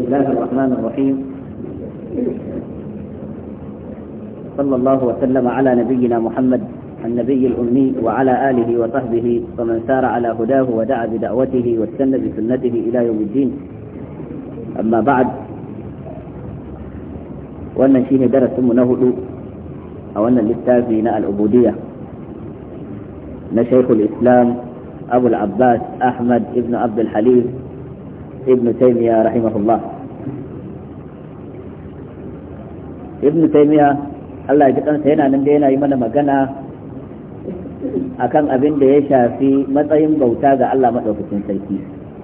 بسم الله الرحمن الرحيم صلى الله وسلم على نبينا محمد النبي الأمي وعلى آله وصحبه ومن سار على هداه ودعا بدعوته واستنى بسنته إلى يوم الدين أما بعد وأن شيني درس na نهدو أو wannan littafi العبودية al'ubudiyya na الاسلام ابو العباس احمد ahmad عبد الحليم ابن تيمية رحمه الله ابن تيمية Allah ya سينا kansa yana nan yana yi akan abin da ya shafi matsayin bauta ga Allah maɗaukakin sarki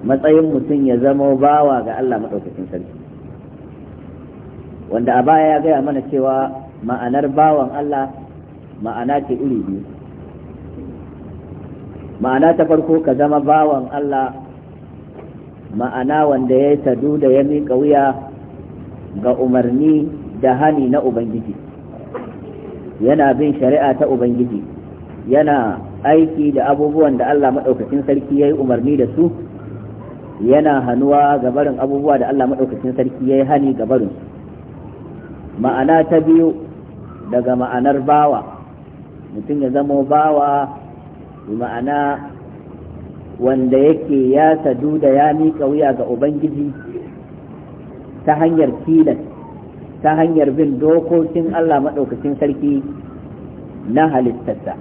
matsayin mutum ya zama bawa ga Allah maɗaukakin sarki wanda a baya ya gaya mana cewa ma'anar bawan Allah ma'ana ce iri biyu ma'ana ta farko ka zama bawan Allah ma'ana wanda ya yi sadu da ya mika wuya ga umarni da hani na ubangiji yana bin shari'a ta ubangiji yana aiki da abubuwan da allah maɗaukacin sarki ya yi umarni da su yana hannuwa ga barin abubuwa da allah maɗaukacin sarki ya yi hani ga barin ma'ana ta biyu daga ma'anar bawa mutum ya zama bawa ma'ana wanda yake ya sadu da ya miƙa wuya ga ubangiji ta hanyar tilas ta hanyar bin dokokin Allah maɗaukacin sarki na halittarsa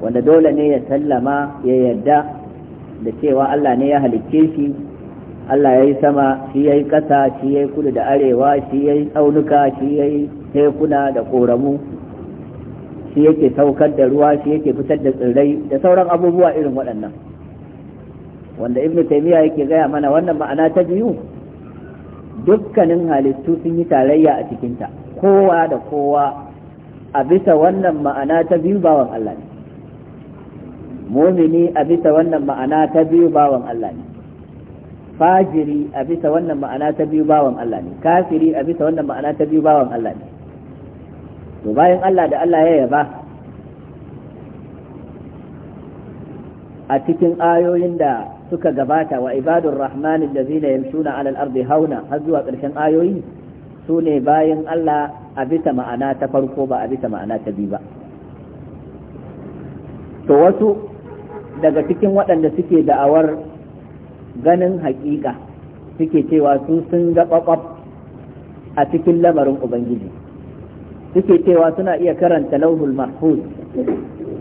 wanda dole ne ya sallama ya yarda da cewa Allah ne ya halicce shi Allah ya yi sama shi ya yi ƙasa shi ya yi kudu da arewa shi ya yi tsaunuka shi ya yi tekuna da ƙoramu shi yake saukar da ruwa shi yake fitar da tsirrai da sauran abubuwa irin waɗannan wanda ibn taymiya yake gaya mana wannan ma'ana ta biyu dukkanin halittu sun yi tarayya a cikinta kowa da kowa a bisa wannan ma'ana ta biyu bawan Allah ne mumini a bisa wannan ma'ana ta biyu bawan Allah ne fajiri a bisa wannan ma'ana ta biyu bawan Allah ne kafiri a bisa wannan ma'ana ta biyu bawan Allah ne to bayan Allah da Allah ya yaba a cikin ayoyin da suka gabata wa ibadur rahmani allazina yamshuna alal ardi hauna har zuwa ƙarshen ayoyi su ne bayan Allah a bisa ma'ana ta farko ba a bisa ma'ana ta biyu ba to wasu daga cikin waɗanda suke da'awar ganin haƙiƙa suke cewa su sun ga ƙwaƙwaf a cikin lamarin ubangiji suke cewa suna iya karanta lauhul mahfuz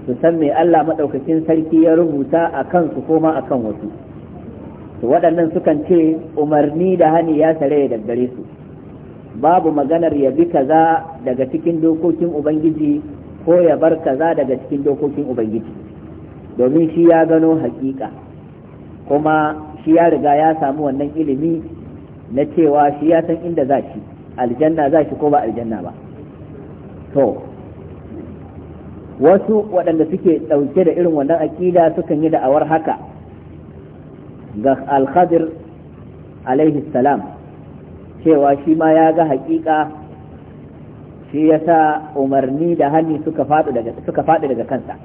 su san me Allah maɗaukakin sarki ya rubuta a kansu ko ma a kan wasu to waɗannan sukan ce umarni da hani ya tare ya daggare su babu maganar ya bi kaza daga cikin dokokin ubangiji ko ya bar kaza daga cikin dokokin ubangiji domin shi ya gano hakika kuma shi ya riga ya samu wannan ilimi na cewa shi ya san inda za shi aljanna za shi ko ba aljanna ba to wasu waɗanda suke ɗauke da irin wannan aƙida sukan yi da'awar haka ga alhazir alaihi salam cewa shi ma ya ga haƙiƙa shi ya sa umarni da hannu suka faɗi daga kansa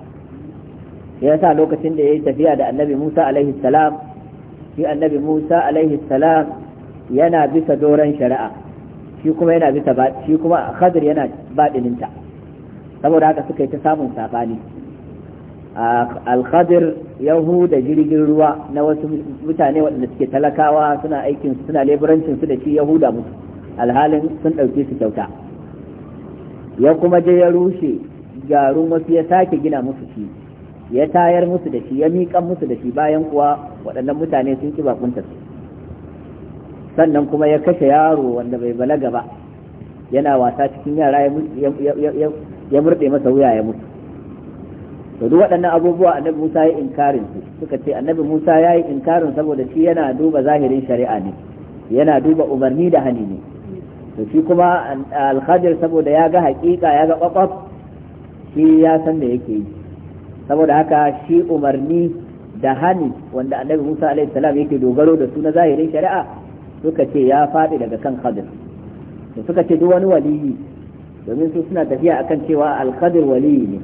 ya sa lokacin da ya yi tafiya da annabi musa alaihi salam shi annabi musa alaihi salam yana bisa doron shari'a shi kuma yana bisa shi kuma khadir yana baɗininta saboda haka suka yi ta samun sabani alkhadir khadir yahu da jirgin ruwa na wasu mutane waɗanda suke talakawa suna aikin suna leburancin su da shi yahuda musu alhalin sun ɗauke su kyauta ya kuma je ya rushe garin wasu ya sake gina musu shi ya tayar musu da shi ya miƙan musu da shi bayan kuwa waɗannan mutane sun ƙi bakunta su sannan kuma ya kashe yaro wanda bai balaga ba yana wasa cikin yara ya murde masa wuya ya mutu to duk waɗannan abubuwa annabi Musa ya inkarin su suka ce annabi Musa ya yi inkarin saboda shi yana duba zahirin shari'a ne yana duba umarni da hani ne to shi kuma alhadir saboda ya ga haƙiƙa ya ga ƙwaƙwaf shi ya san da yake yi saboda haka shi umarni da hani wanda annabi Musa alaihi salam yake dogaro da su na zahirin shari'a suka ce ya faɗi daga kan hadir suka ce duk wani waliyi domin su suna tafiya akan cewa alqadir wali ne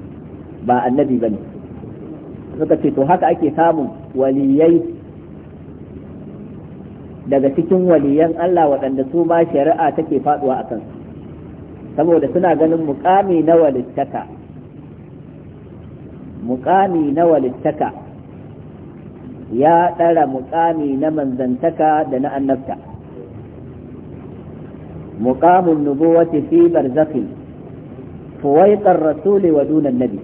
ba annabi bane suka ce to haka ake samun waliyai daga cikin waliyan Allah waɗanda su ma shari'a take a kansu saboda suna ganin mukami na walittaka mukami na walittaka ya ɗara mukami na manzantaka da na annabta مقام النبوة في برزخ فويق الرسول ودون النبي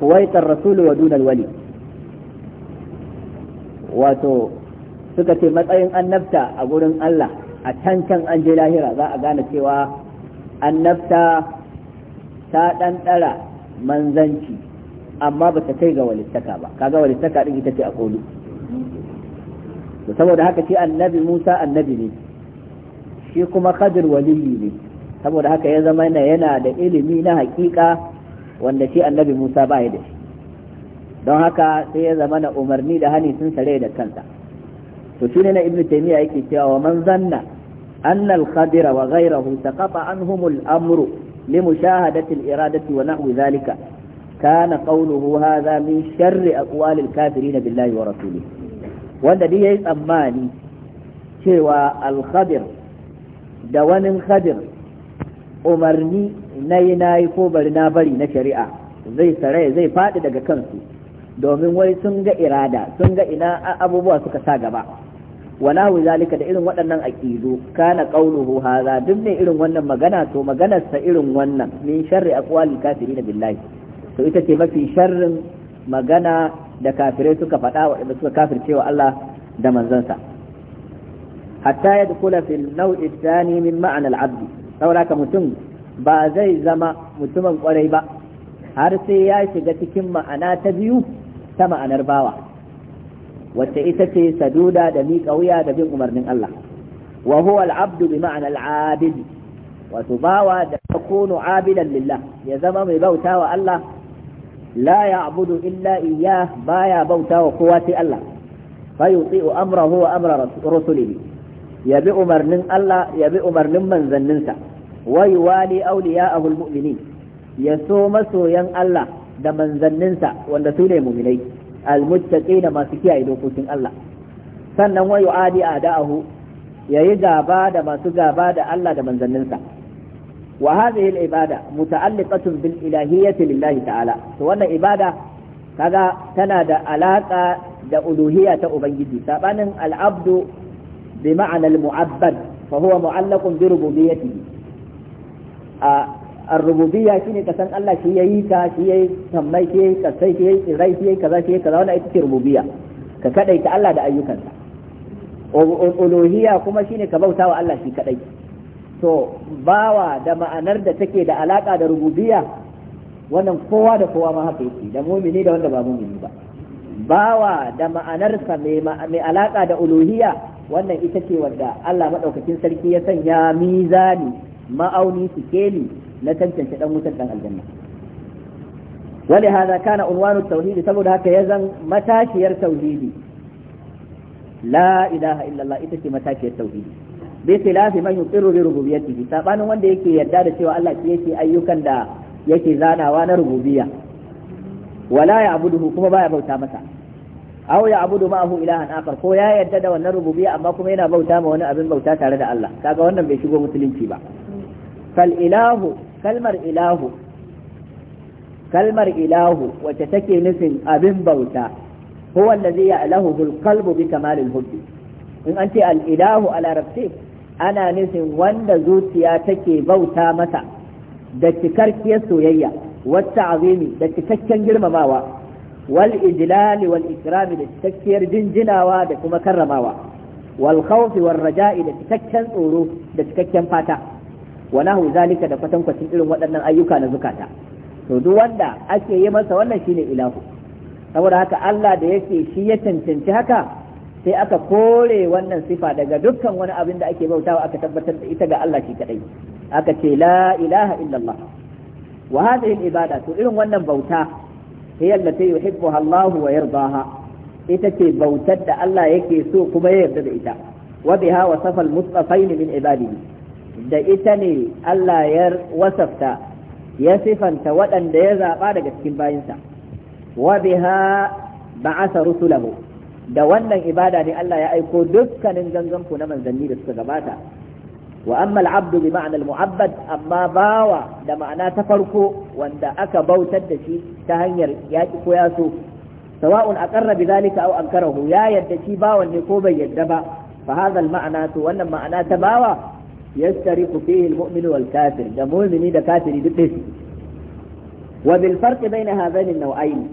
فويق الرسول ودون الولي wato suka ce matsayin annabta a gurin Allah a can can an je lahira za a gane cewa annabta ta ɗanɗara manzanci amma bata ta kai ga walittaka ba kaga walittaka ɗin ita ce a saboda haka ce musa annabi ne shi kuma khadir waliyi ne saboda haka ya zama yana da ilimi na hakika wanda shi annabi Musa ba ya da shi don haka sai ya zama na umarni da hani sun sare da kansa to shine na ibnu taymiya yake cewa wa man zanna anna al-qadira wa ghayruhu taqata anhum al-amru li mushahadati al-iradati wa nahwi dhalika kana qawluhu hadha min sharri aqwali al-kafirin billahi wa rasulihi wanda dai yayi tsammani cewa al-qadir da wani khadir umarni na yi na yi ko bari na bari na shari'a zai saraya zai faɗi daga kansu domin wai sun ga irada sun ga ina abubuwa suka sa gaba wala zalika da irin waɗannan aqidu kana qauluhu hadha duk ne irin wannan magana to maganar sa irin wannan min sharri aqwali kafirin billahi to ita ce mafi sharrin magana da kafirai suka faɗa da suka kafircewa Allah da manzansa hatta yadkhula fil naw'i thani min ma'ana al-'abd saboda mutum ba zai zama mutumin kwarai ba har sai ya shiga cikin ma'ana ta biyu ta ma'anar bawa wacce ita ce saduda da miƙa wuya da bin umarnin Allah wa huwa bi ma'anar al-'abid wato bawa da takunu abidan lillah ya zama mai bautawa Allah la ya'budu illa iyyah baya bautawa kowa sai Allah fa yuti'u amrahu wa amra rasulihi ya bi umarnin Allah ya bi umarnin manzanninsa wa yuwali awliya'ahu mumini ya so masoyan Allah da manzanninsa wanda su ne mu'minai almuttaqina masu kiyaye dokokin Allah sannan wa yu'adi a'da'ahu yayi gaba da masu gaba da Allah da manzanninsa wa hadhihi al-ibada muta'alliqatun bil ilahiyyati lillahi ta'ala to wannan ibada kaga tana da alaka da uluhiyya ta ubangiji sabanin al-abdu بمعنى المعبد فهو معلق بربوبيته الربوبية شيء كسان الله شيء ييكا شيء سمي شيء كسي شيء إزاي شيء كذا شيء كذا وانا ita ce rububiyya ka kadaita Allah da ayyukansa uluhiyya kuma shine ka bauta wa Allah shi kadai to bawa da ma'anar da take da alaka da rububiyya wannan kowa da kowa ma haka yake da mumini da wanda ba mumini ba bawa da ma'anarsa mai alaƙa da uluhiyya wannan ita ce wadda Allah Maɗaukakin sarki ya sanya mizani ma'auni sikeli na tantance ɗan wutar dan aljanna wani hada kana unwanu tauhidi saboda haka ya zan matashiyar tauhidi la ilaha illallah ita ce matashiyar tauhidi bi khilafi man yuqirru bi rububiyyatihi sabanin wanda yake yarda da cewa Allah ke yake ayyukan da yake zanawa na rububiyya wala ya abuduhu kuma baya bauta masa aw ya abudu ma'ahu ilahan akhar ko ya yarda da wannan rububiyya amma kuma yana bauta ma wani abin bauta tare da Allah kaga wannan bai shigo musulunci ba fal ilahu kalmar ilahu kalmar ilahu wacce take nufin abin bauta huwa allazi ya'lahu bil qalbu bi kamalil hubbi in an ce al ilahu ala rabbi ana nufin wanda zuciya take bauta masa da cikakkiyar soyayya wata azimi da cikakken girmamawa wal ijlal wal ikram da cikakkiyar jinjinawa da kuma karramawa wal khawf wal raja'i da cikakken tsoro da cikakken fata wa nahu zalika da fatan kwacin irin waɗannan ayyuka na zukata to duk wanda ake yi masa wannan shine ilahu saboda haka Allah da yake shi ya cancanci haka sai aka kore wannan sifa daga dukkan wani abin da ake bautawa aka tabbatar da ita ga Allah shi kadai aka ce la ilaha illallah wa hadhihi ibada to irin wannan bauta hiya allati yuhibbuha Allah wa yardaha ita ce bautar da Allah yake so kuma ya yarda da ita wa wasafal wasafa min ibadihi da ita ne Allah ya wasafta ya sifanta waɗanda ya zaɓa daga cikin bayinsa wabiha biha ba'asa da wannan ibada ne Allah ya aiko dukkanin ganganku na manzanni da suka gabata wa amma al'abdu bi ma'anar mu'abbad amma bawa da ma'ana ta farko wanda aka bautar da shi ta hanyar yaƙi ko yaso sawa'un a karrabi zalika au ankarahu ya yadda shi bawan ne ko bai yadda ba fa hadha ma'ana to wannan ma'ana ta bawa yastariqu fihi al mu'min wal kafir da mu'mini da kafiri duk dai wa bil farq na hadhain an-naw'ayn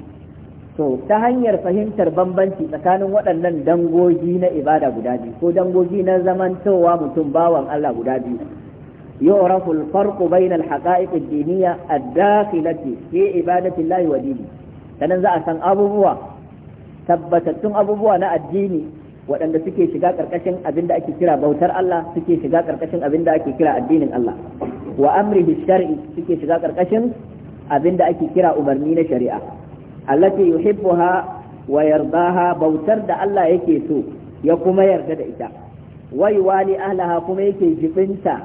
to ta hanyar fahimtar bambanci tsakanin waɗannan dangogi na ibada guda biyu ko dangogi na zamantowa mutum bawan Allah guda biyu يعرف الفرق بين الحقائق الدينية الداخلة في عبادة الله ودينه sanan za a san abubuwa tabbatattun abubuwa na addini waɗanda suke shiga ƙarƙashin abin da ake kira bautar Allah suke shiga ƙarƙashin abin da ake kira addinin Allah wa amrihi shar'i suke shiga ƙarƙashin abin da ake kira umarni na shari'a allati yuhibbuha wa yardaha bautar da Allah yake so ya kuma yarda da ita wai wali ahlaha kuma yake jibinta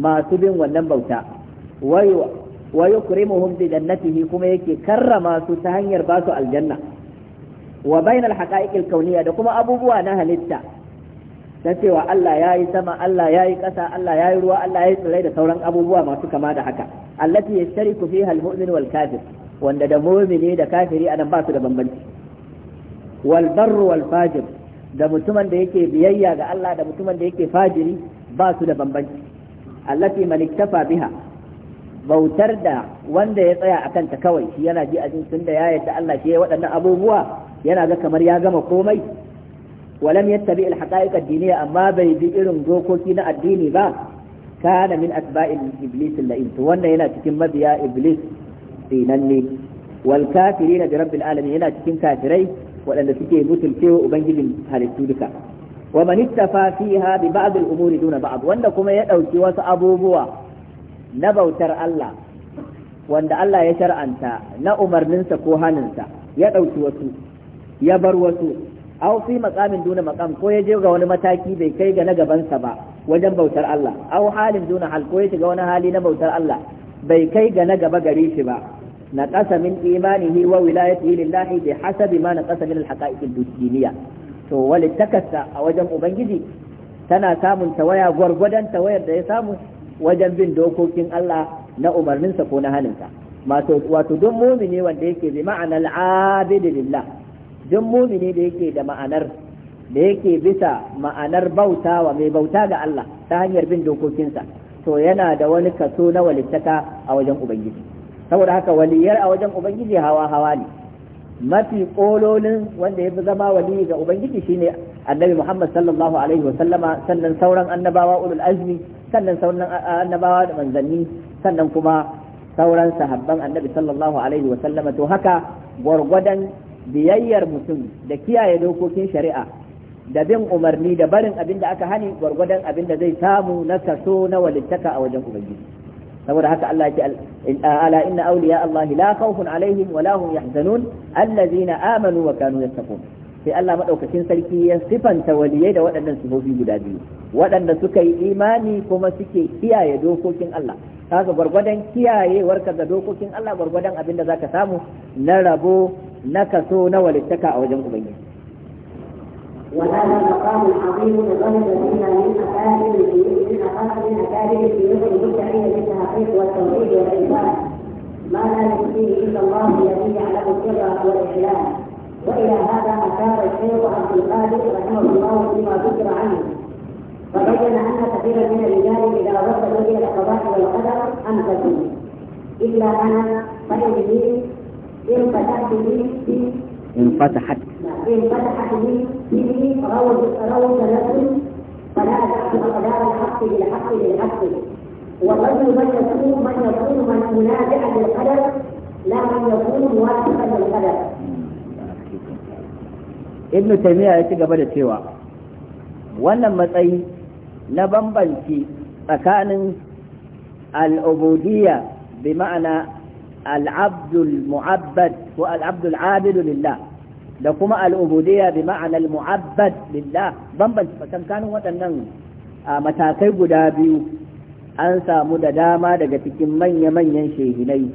masu bin wannan bauta wa yukrimuhum bi jannatihi kuma yake karrama su ta hanyar ba su aljanna wa bainal haqa'iqil kauniyya da kuma abubuwa na halitta ta cewa Allah ya yi sama Allah ya yi ƙasa Allah ya yi ruwa Allah ya yi tsirai da sauran abubuwa masu kama da haka allati yashtariku fiha al-mu'min wal kafir wanda da mumini da kafiri anan ba su da bambanci wal barru wal fajir da mutumin da yake biyayya ga Allah da mutumin da yake fajiri ba su da bambanci allati man iktafa biha bautar da wanda ya tsaya a kanta kawai shi yana ji a tun da ya yarda Allah shi ya waɗannan abubuwa yana ga kamar ya gama komai walam yattabi al haqa'iq ad-diniyya amma bai bi irin dokoki na addini ba kana min asba'il iblis lain to wannan yana cikin mabiya iblis tsinanne wal kafirina bi rabbil yana cikin kafirai waɗanda suke mutuncewa ubangijin halittu duka wa man ittafa fiha bi duna ba'd wanda kuma ya dauki wasu abubuwa na bautar Allah wanda Allah ya shar'anta na umarninsa ko haninsa ya dauki wasu ya bar wasu aw fi maqamin duna maqam ya je ga wani mataki bai kai ga na gabansa ba wajen bautar Allah au halin duna hal ko ya shiga wani hali na bautar Allah bai kai ga na gaba gare shi ba نقص من إيمانه وولايته لله بحسب ما نقص من الحقائق الدينية to walittakarsa a wajen ubangiji tana samun tawaya gwargwadon tawayar da ya samu wajen bin dokokin Allah na umarninsa ko na haninsa wato duk mumini wanda yake bi ma'anar abidi lillah duk mumini da yake da ma'anar da yake bisa ma'anar bautawa mai bauta ga Allah ta hanyar bin dokokinsa to yana da wani kaso na walittaka a wajen ubangiji saboda haka waliyar a wajen ubangiji hawa hawa ne mafi kololin wanda ya fi zama wali ga ubangiji shine annabi muhammad sallallahu alaihi wa sallama sannan sauran annabawa ulul azmi sannan sauran annabawa da manzanni sannan kuma sauran sahabban annabi sallallahu alaihi wa sallama to haka gwargwadon biyayyar mutum da kiyaye dokokin shari'a da bin umarni da barin abin da aka hani gwargwadon abin da zai samu na kaso na walittaka a wajen ubangiji saboda haka Allah ya ala inna awliya Allah la khawfun alaihim wa la hum yahzanun allazina amanu wa kanu yattaqun sai Allah madaukakin sarki ya sifanta waliyai da waɗannan sifofi guda biyu waɗanda suka yi imani kuma suke kiyaye dokokin Allah kaga gwargwadon kiyayewarka ga dokokin Allah gwargwadon abin da zaka samu na rabo na kaso na walittaka a wajen ubangiji وهذا المقام العظيم لظهر فيها من اكابر من اكابر من اكابر الشيوخ المدعيه للتحقيق والتوحيد والعباد ما لا يكفيه الا الله الذي يعلم السر والاعلان والى هذا اشار الشيخ عبد القادر رحمه الله فيما ذكر عنه فبين ان كثيرا من الرجال اذا وصلوا الى القضاء والقدر انفسوا الا انا فان لي انفتحت لي انفتحت فتحت منه به روض روض لكم فلا تحكم قدر الحق للحق للحق من يكون من يكون من ينازع للقدر لا من يكون موافقا للقدر ابن تيمية ya ci gaba da cewa wannan matsayi na bambanci tsakanin al’ubudiyya bi ma’ana al’abdul mu’abbad da kuma al'ubudiyya bi ma'anar mu'abbad lillah bambanci tsakankanin waɗannan matakai guda biyu an samu da dama daga cikin manya-manyan shehinai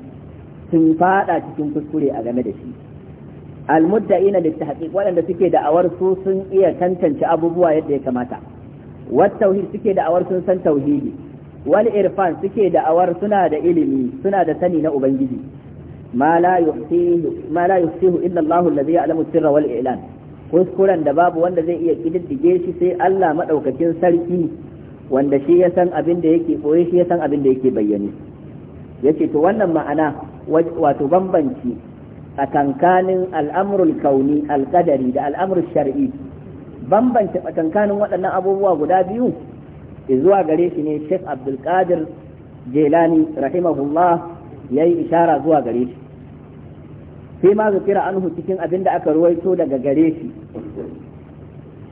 sun fada cikin kuskure a game da shi ina da tahqiq waɗanda suke da'awar su sun iya tantance abubuwa yadda ya kamata wat tauhid suke da'awar sun san tauhidi wal irfan suke da'awar suna da ilimi suna da sani na ubangiji ma la yuhsihi ma la sirra wal i'lan kuskuren da babu wanda zai iya kididdige shi sai Allah madaukakin sarki wanda shi ya san abin da yake shi ya san abin da yake bayyane yace to wannan ma'ana wato bambanci a kankanin al'amrul kauni alqadari da al'amrul shar'i bambance kankanin waɗannan abubuwa guda biyu zuwa gare shi ne Sheikh Abdul Qadir Jelani rahimahullah yayi ishara zuwa gare shi sai ma zukira anhu cikin abin da aka ruwaito daga gare shi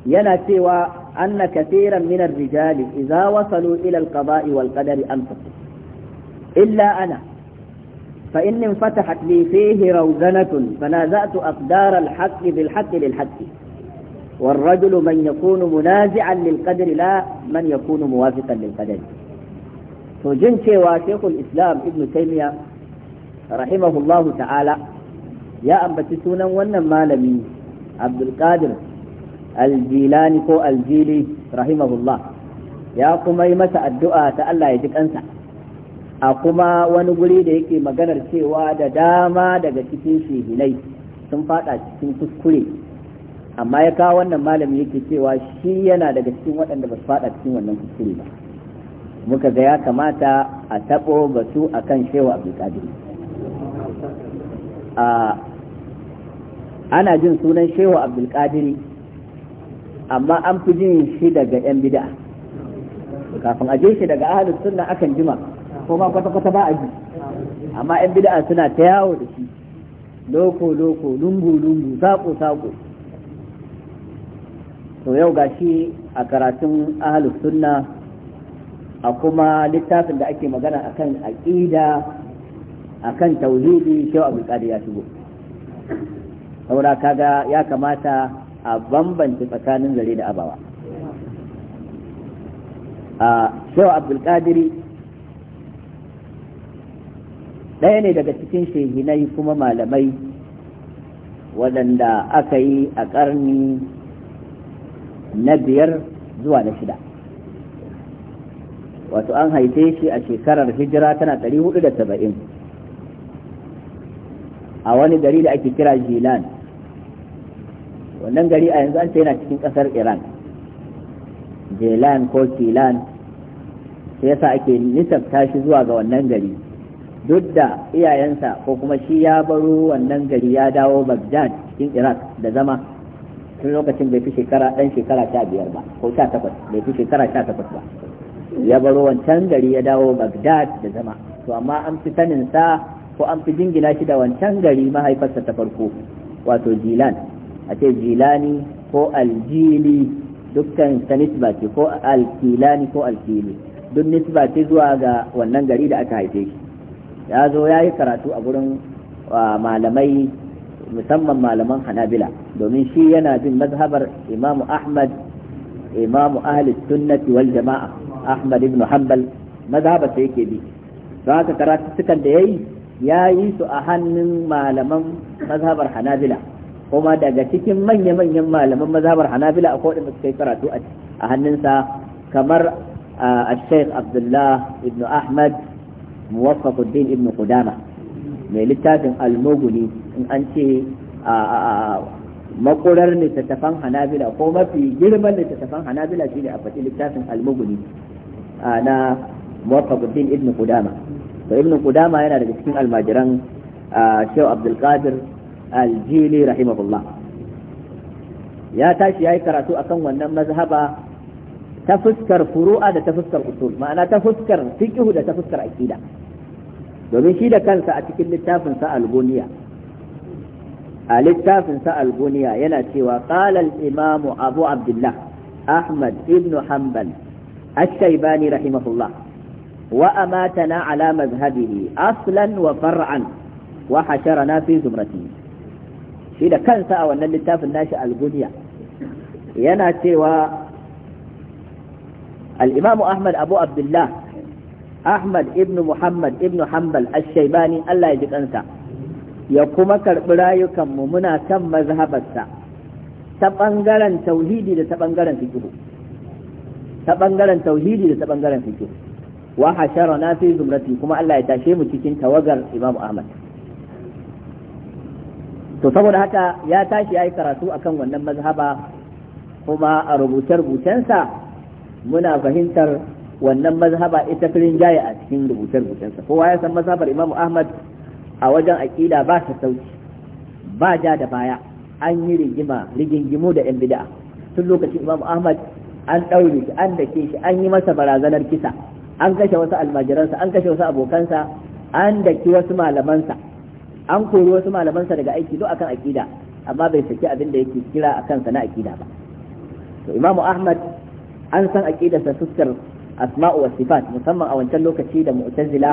yana cewa anna kathiran minar rijali iza wasalu ila al-qada'i wal qadari anfaqu illa ana fa inni fatahat li fihi rawzanatun fanaza'tu aqdar al-haqq bil haqq lil haqq والرجل من يكون منازعا للقدر لا من يكون موافقا للقدر فجن شيخ الإسلام ابن تيمية رحمه الله تعالى ya ambaci sunan wannan malami abdulkadir aljilani ko aljili rahimahullah ya kuma yi masa addu'a ta Allah ya ji kansa a kuma wani guri da yake maganar cewa da dama daga cikin shehinai sun fada cikin kuskure amma ya kawo wannan malami yake cewa shi yana daga cikin waɗanda ba su fada cikin wannan kuskure ba muka ga ya kamata a taɓo batu akan shehu abdulkadir a ana jin sunan shehu abdulkadiri amma an fi jin shi daga 'yan bida kafin a je shi daga ahalin sunna akan jima ko ma kwata-kwata ba a ji amma 'yan bida suna ta yawo da shi loko-loko lungu-lungu sako-sako to yau ga shi a karatun ahalin sunna a kuma littafin da ake magana akan aƙida akan tauhidi shehu abdulkadir ya shigo saura kaga ya kamata a bambanta tsakanin zare da abawa a shehu abdulkadiri ɗaya ne daga cikin shehinai kuma malamai waɗanda aka yi a ƙarni na biyar zuwa na shida wato an haife shi a shekarar hijira tana ɗari da 470 a wani gari da ake kira jilan wannan gari a yanzu an ce yana cikin kasar iran jelan ko kilan sai yasa ake nisabta shi zuwa ga wannan gari duk da iyayensa ko kuma shi ya baro wannan gari ya dawo bagdad cikin iraq da zama tun lokacin bai fi shekara ɗan shekara sha biyar ba ko sha takwas bai fi shekara sha takwas ba ya baro wancan gari ya dawo bagdad da zama to amma an fi saninsa ko an fi jingina shi da wancan gari mahaifarsa ta farko wato jilan a ce jilani ko aljili dukkan ta nisba ce ko alkilani ko alkili duk nisba ce zuwa ga wannan gari da aka haife shi ya zo ya yi karatu a gurin malamai musamman malaman hanabila domin shi yana bin mazhabar imamu ahmad imamu ahli sunnati wal jama'a ahmad ibn hanbal mazhabar ta yake bi don haka karatu da ya yi ya yi su a hannun malaman mazhabar hanabila kuma daga cikin manya-manyan malaman mazhabar hanabila akwai waɗanda suka yi karatu a hannunsa kamar a sheikh abdullah ibn ahmad muwaffaquddin ibn qudama mai littafin almoguni in an ce makurar littattafan hanabila ko mafi girman littattafan hanabila shine a faɗi littafin almoguni na muwaffaquddin ibn qudama to ibn qudama yana daga cikin almajiran shehu abdul aljili rahimahullah ya tashi yayi karatu akan wannan mazhaba ta fuskar furu'a da ta fuskar usul ma'ana ta fuskar fiqh da ta fuskar aqida domin shi da kansa a cikin littafin sa al a littafin sa al-guniya yana cewa qala al-imam abu abdullah ahmad ibn hanbal الشيباني رحمه الله وأماتنا على مذهبه أصلا وفرعا وحشرنا في زمرته shi da kansa a wannan littafin nashi alguniya yana cewa al ahmad abu abdullah ahmad ibn muhammad ibn hanbal ash-shaybani Allah ya ji kansa ya kuma karɓi rayukanmu muna kan mazhabarsa ta bangaren tauhidi da ta ɓangaren ta tauhidi da ta ɓangaren fikihu wa hashara fi zumrati kuma Allah ya tashe mu cikin tawagar Imam Ahmad to saboda haka ya tashi ya yi karatu a kan wannan mazhaba kuma a rubuce-rubucensa muna fahimtar wannan mazhaba ita firin jaye a cikin rubuce-rubucensa kowa ya san mazhabar imamu ahmad a wajen aƙida ba ta sauki ba ja da baya an yi rigima rigingimu da 'yan bida'a tun lokacin imam ahmad an ɗaure shi an dake shi an yi masa barazanar kisa an kashe wasu almajiransa an kashe wasu abokansa an daki wasu malamansa an kori wasu malamansa daga aiki duk akan akida amma bai saki abin da yake kira akan na akida ba to Imam Ahmad an san aqidarsa fuskar asma'u was sifat musamman a wancan lokaci da mu'tazila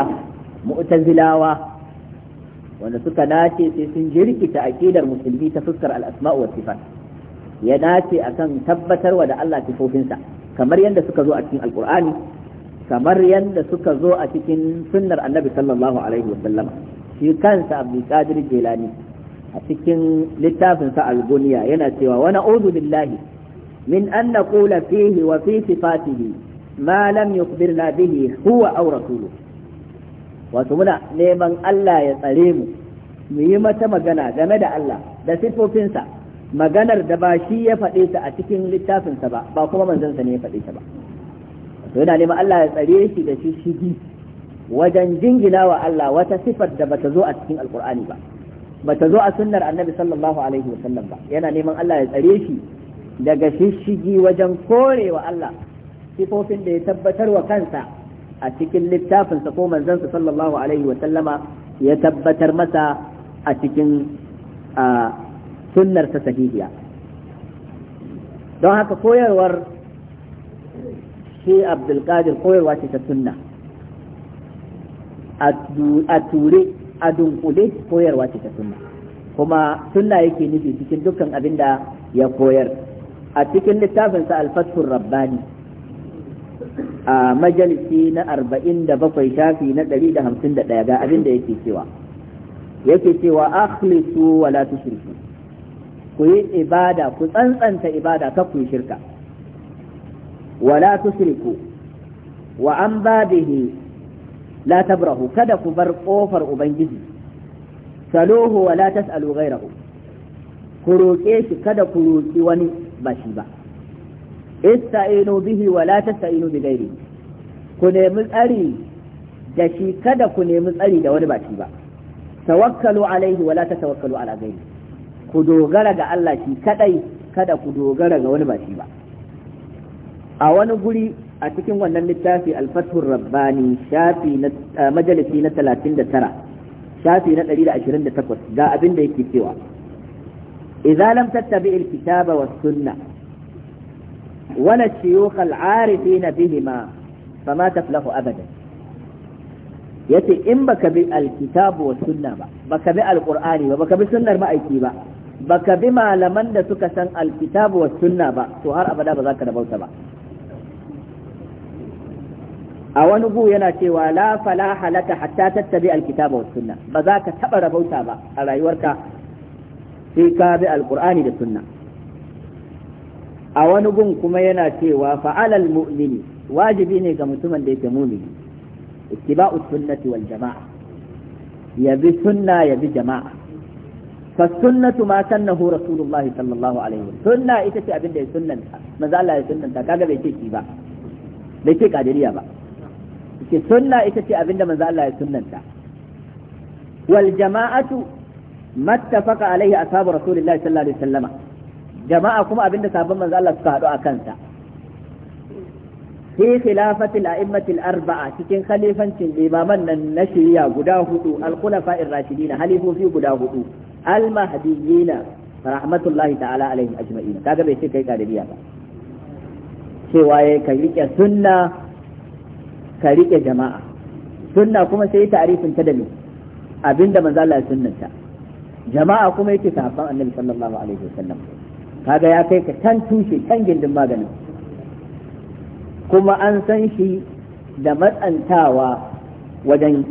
mu'tazilawa wanda suka nace sai sun jirkita aqidar musulmi ta fuskar al-asma'u was sifat ya nace akan tabbatarwa da Allah sifofinsa kamar yadda suka zo a cikin alqur'ani kamar yadda suka zo a cikin sunnar annabi sallallahu alaihi wa sallama shi kansa abdulkadir jelani a cikin littafinsa alguniya yana cewa wani udu billahi min an na kula fihi wa fi sifatihi ma lam na bihi huwa aw tulo. wato muna neman Allah ya tsare mu mu yi mata magana game da Allah da sifofinsa maganar da ba shi ya faɗe ta a cikin littafinsa ba ba kuma manzansa ne ya faɗe ta ba to yana neman Allah ya tsare shi da shi shi wajen jingina wa Allah wata sifar da bata zo a cikin alkur'ani ba bata zo a sunnar annabi sallallahu alaihi wasallam ba yana neman Allah ya tsare shi daga shishigi wajen korewa Allah sifofin da ya tabbatar wa kansa a cikin littafinsa ko manzansa sallallahu alaihi wasallama ya tabbatar masa a cikin sunnarsa sahihiya don haka koyarwar shi abdulkadir koyarwa ce ta sunna a ture a dunkule koyarwa ce ta sunna kuma sunna yake nufi cikin dukkan abin da ya koyar a cikin littafinsa alfathur rabbani a majalisi na arba'in da bakwai shafi na ɗari da hamsin da ɗaya ga abin da yake cewa yake cewa akhlisu wa la tushriku ku yi ibada ku tsantsanta ibada ka ku shirka wa la tushriku wa an babihi la tabrahu kada ku bar kofar ubangiji saluhu wa la tas'alu ghayrahu ku roƙe shi kada ku roƙi wani ba shi ba ista'inu bihi wa la tasta'inu bi ghairi ku nemi tsari da shi kada ku nemi tsari da wani ba shi ba tawakkalu alaihi wa la tawakkalu ala ghairi ku dogara ga Allah shi kadai kada ku dogara ga wani ba shi ba a wani guri a cikin wannan littafi alfathur rabbani shafi na majalisi na 39 shafi na 128 ga abin da yake cewa idza lam tattabi alkitaba was sunna wala shuyukh al'arifin bihima fama taflahu abada yace in baka bi alkitabu was sunna ba baka bi alqur'ani ba baka bi sunnar ma'aiki ba baka bi malaman da suka san alkitabu was sunna ba to har abada ba za da bauta ba a wani gu yana cewa la fala halaka hatta tattabi alkitaba was sunna ba za ka taba rabauta ba a rayuwarka sai ka bi alqur'ani da sunna a wani gun kuma yana cewa fa'alal mu'mini wajibi ne ga mutumin da yake mumini ittiba'us sunnati wal jama'a ya bi sunna ya bi jama'a fa sunnatu ma sannahu rasulullahi sallallahu alaihi wasallam sunna ita ce abin da ya sunnanta manzo Allah ya sunnanta kaga bai ce ki ba bai ce kadiriya ba ce sunna ita ce abinda manzo Allah ya sunnanta wal jama'atu mattafaqa alaihi ashabu rasulillahi sallallahu alaihi wasallama jama'a kuma abinda sabon manzo Allah suka hadu a kansa fi khilafati al-a'immati arbaa cikin khalifancin imaman nan na shiriya guda hudu al-khulafa ar-rashidin halifofi guda hudu al-mahdiyyin rahmatullahi ta'ala alaihim ajma'in kaga bai ce kai kadiriya ba cewa yayi kai rike sunna ka riƙe jama'a sunna kuma sai ya ta'arifin ta da me abinda manzo Allah ya sunnanta jama'a kuma yake sahabban annabi sallallahu alaihi wasallam kaga ya kai ka can tushe can gindin maganin kuma an san shi da matsantawa wajen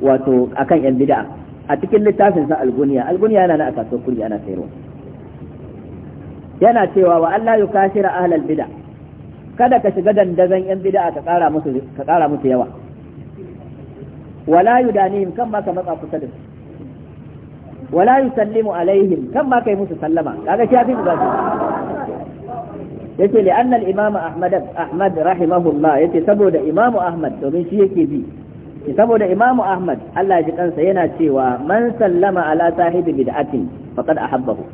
wato akan yan bid'a a cikin littafin sa alguniya yana na a kasuwar kuri ana sayarwa yana cewa wa Allah yukashira ahlal bid'a kada ka shiga dandazon yan bid'a ka kara musu ka ƙara musu yawa wala yudanihim kan ma ka matsa kusa da su wala yusallimu alaihim kan ma kai musu sallama kaga shi yafi ba yace li anna al-imam ahmad ahmad rahimahullah yace saboda imam ahmad domin shi yake bi saboda imam ahmad Allah ya ji kansa yana cewa man sallama ala sahibi bid'atin faqad ahabbahu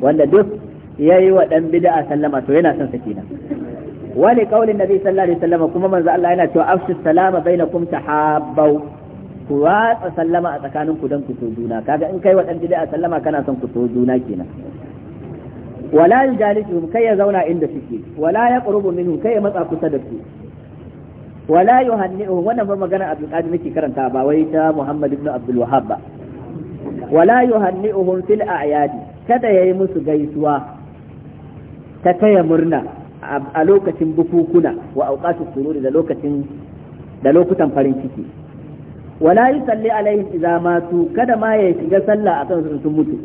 wanda duk yayi wa dan bid'a sallama to yana son sakina wa li qaulin nabi sallallahu alaihi wasallam kuma manzo Allah yana cewa afshu salama kumta tahabbu ku watsa sallama a tsakanin ku dan ku so juna kaga in kai wadan bid'a sallama kana son ku so juna kenan wala yujalisuhum kai ya zauna inda suke wala yaqrubu minhum kai ya matsa kusa da su wala yuhanni'uhum wannan ba magana Abdul Qadir nake karanta ba wai ta Muhammad ibn Abdul Wahhab ba a yuhanni'uhum a'yadi kada musu gaisuwa ta murna a lokacin bukukuna wa auqatus sururi da lokacin da lokutan farin ciki wala yusalli alaihim idza matu kada ma ya shiga sallah akan su sun mutu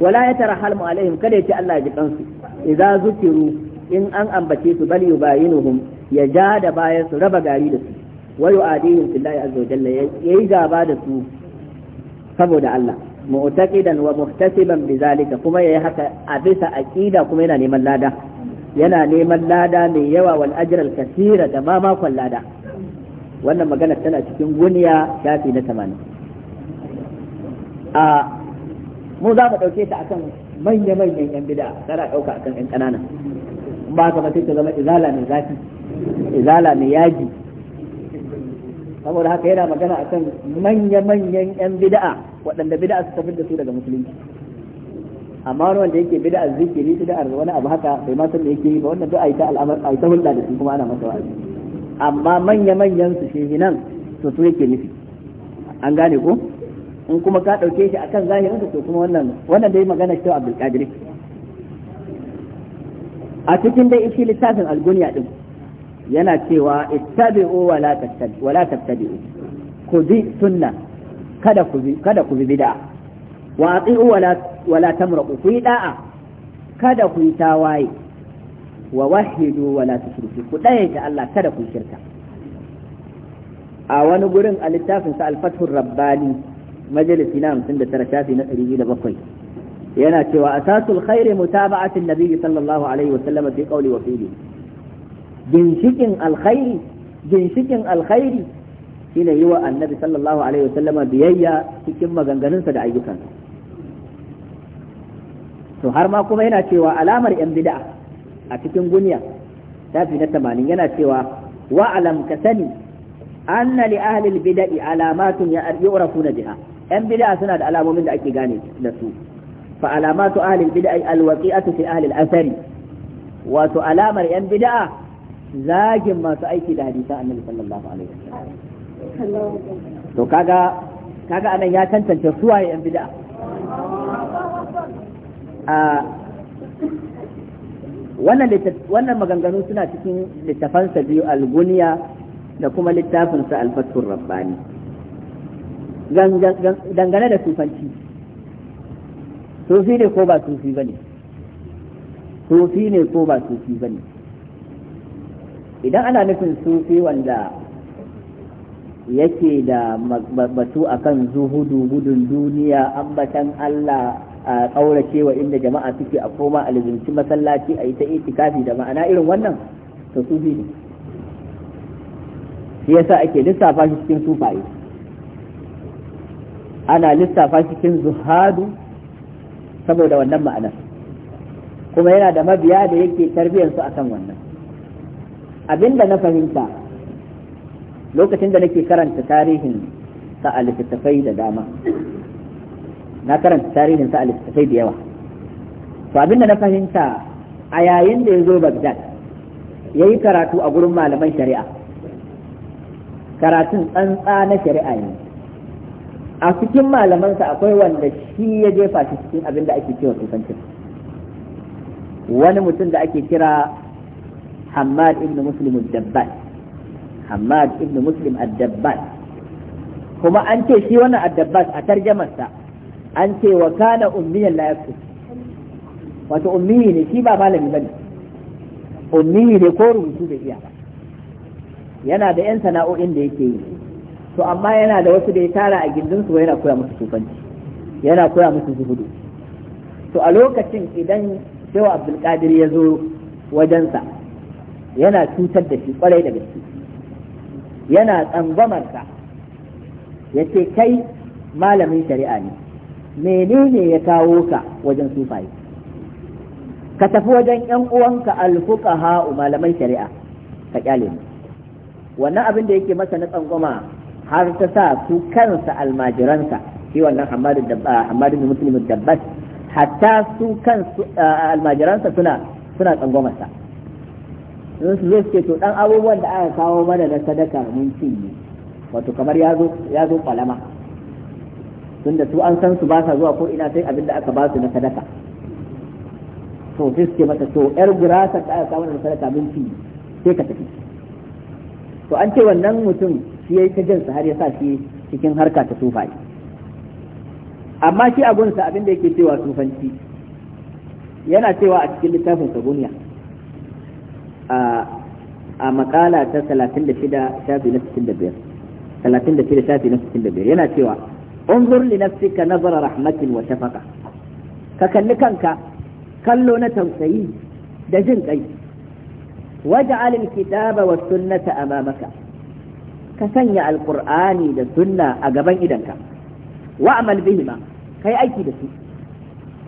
wala ya yatarhamu alaihim kada ya ci Allah ya ji kansu idza zukiru in an ambace su bal yubayinuhum ya ja da bayan su raba gari da su wa yu'adihim billahi azza wa jalla yayi gaba da su saboda Allah mu'taqidan wa muhtasiban bizalika kuma yayi haka a bisa aqida kuma yana neman lada yana neman lada mai yawa wal ajral kasira da ma makon lada wannan magana tana cikin guniya shafi na 80 a mu za mu dauke ta akan manya manyan yan bid'a tana dauka akan yan kanana ba ka sai ta zama izala mai zafi izala mai yaji saboda haka yana magana akan manya manyan yan bid'a waɗanda bid'a su tafi da su daga musulunci amma wani wanda yake bida zikiri bida wani abu haka bai ma san da yake yi ba wannan duk aita al'amar aita hulɗa da shi kuma ana masa wa'azi amma manya manyan su shi nan to su yake nufi an gane ko in kuma ka dauke shi akan zahirin to kuma wannan wannan dai magana shi Abdul Qadir a cikin dai shi littafin al-Gunya din yana cewa ittabi'u wa la tattabi'u wa la tattabi'u ku bi sunna kada ku bi kada ku bi bid'a wa ati'u wa la wala tamraku ku yi da'a kada ku yi tawaye wa wahidu wala tushriku ku daya ta Allah kada ku shirka a wani gurin a littafin sa al-fathur rabbani majalisi na 59 shafi na 207 yana cewa asasul khairi mutaba'atin nabiyyi sallallahu alaihi wa sallam fi qawli wa fi'li ginshikin alkhairi shine yi wa annabi sallallahu alaihi wa biyayya cikin maganganunsa da ayyukansa to har ma kuma yana cewa alamar yan bid'a a cikin guniya ta fi na 80 yana cewa wa alam ka sani anna li ahli al-bid'i alamatun na biha yan bid'a suna da alamomin da ake gane da su fa alamatu ahli al-bid'i al-waqi'atu fi ahli al-athari wato alamar yan bid'a zagin masu aiki da hadisa annabi sallallahu alaihi wasallam to kaga kaga anan ya tantance suwaye yan bid'a wannan maganganu suna cikin littafansa biyu alguniya da kuma littafinsa alfattun rabbani dangane da sufanci sufi ne ko ba sufi ba ne sufi ne ko ba sufi ba ne idan ana nufin sufi wanda yake da batu akan zuhudu gudun duniya ambatan Allah a ƙaurace wa inda jama'a suke a koma a lizinci masallaci a yi ta itikafi da ma'ana irin wannan to sufi ne shi yasa ake lissafa shi cikin sufaye ana lissafa shi cikin zuhadu saboda wannan ma'anar kuma yana da mabiya da yake tarbiyyarsu akan wannan abinda na fahimta lokacin da nake karanta tarihin sa a da dama na karanta tarihin sa a littattafai da yawa to abinda na fahimta a yayin da ya zo bagdad ya yi karatu a gurin malaman shari'a karatun tsantsa na shari'a ne a cikin malamansa akwai wanda shi ya jefa shi cikin abin da ake cewa kusancin wani mutum da ake kira Hamad ibn Muslim al dabbas Hamad ibn Muslim al dabbas kuma an ce shi wannan al dabbas a tarjamarsa an ce wa kana ummiyan la yaktu wato ummi ne shi ba malami bane ummi ne ko rubutu da iya yana da yan sana'o'in da yake yi to amma yana da wasu da ya tara a gindin su yana koya musu tufanci yana koya musu zuhudu to a lokacin idan shehu abdulkadir ya zo wajensa yana cutar da shi kwarai da gaske yana tsangwamarsa ya ce kai malamin shari'a ne menene ya kawo ka wajen sufaye ka tafi wajen yan uwanka alfuqaha malaman shari'a ka kyale mu wannan abin da yake masa na tsangwama har ta sa su kansa almajiransa shi wannan hamadu da hamadu muslim dabbas hatta su kansu almajiransa suna suna tsangwamarsa in su ce to dan abubuwan da aka kawo mana na sadaka mun cinye wato kamar ya zo kwalama tunda su an san su ba sa zuwa ko ina sai abin da aka ba su na sadaka to sai suke mata to yar gurasa ka aka na sadaka minti sai ka tafi to an ce wannan mutum shi yayi ta jinsa har ya sa shi cikin harka ta sufai amma shi a gunsa abin da yake cewa tufanci, yana cewa a cikin littafin sabuniya a a makala ta 36 shafi na 65 36 shafi na 65 yana cewa انظر لنفسك نظر رحمة وشفقة ككل كنك كلو نتوسعي دجنك أي واجعل الكتاب والسنة أمامك كسنع القرآن للسنة أقبن إذنك وأعمل بهما كي أيكي بسيط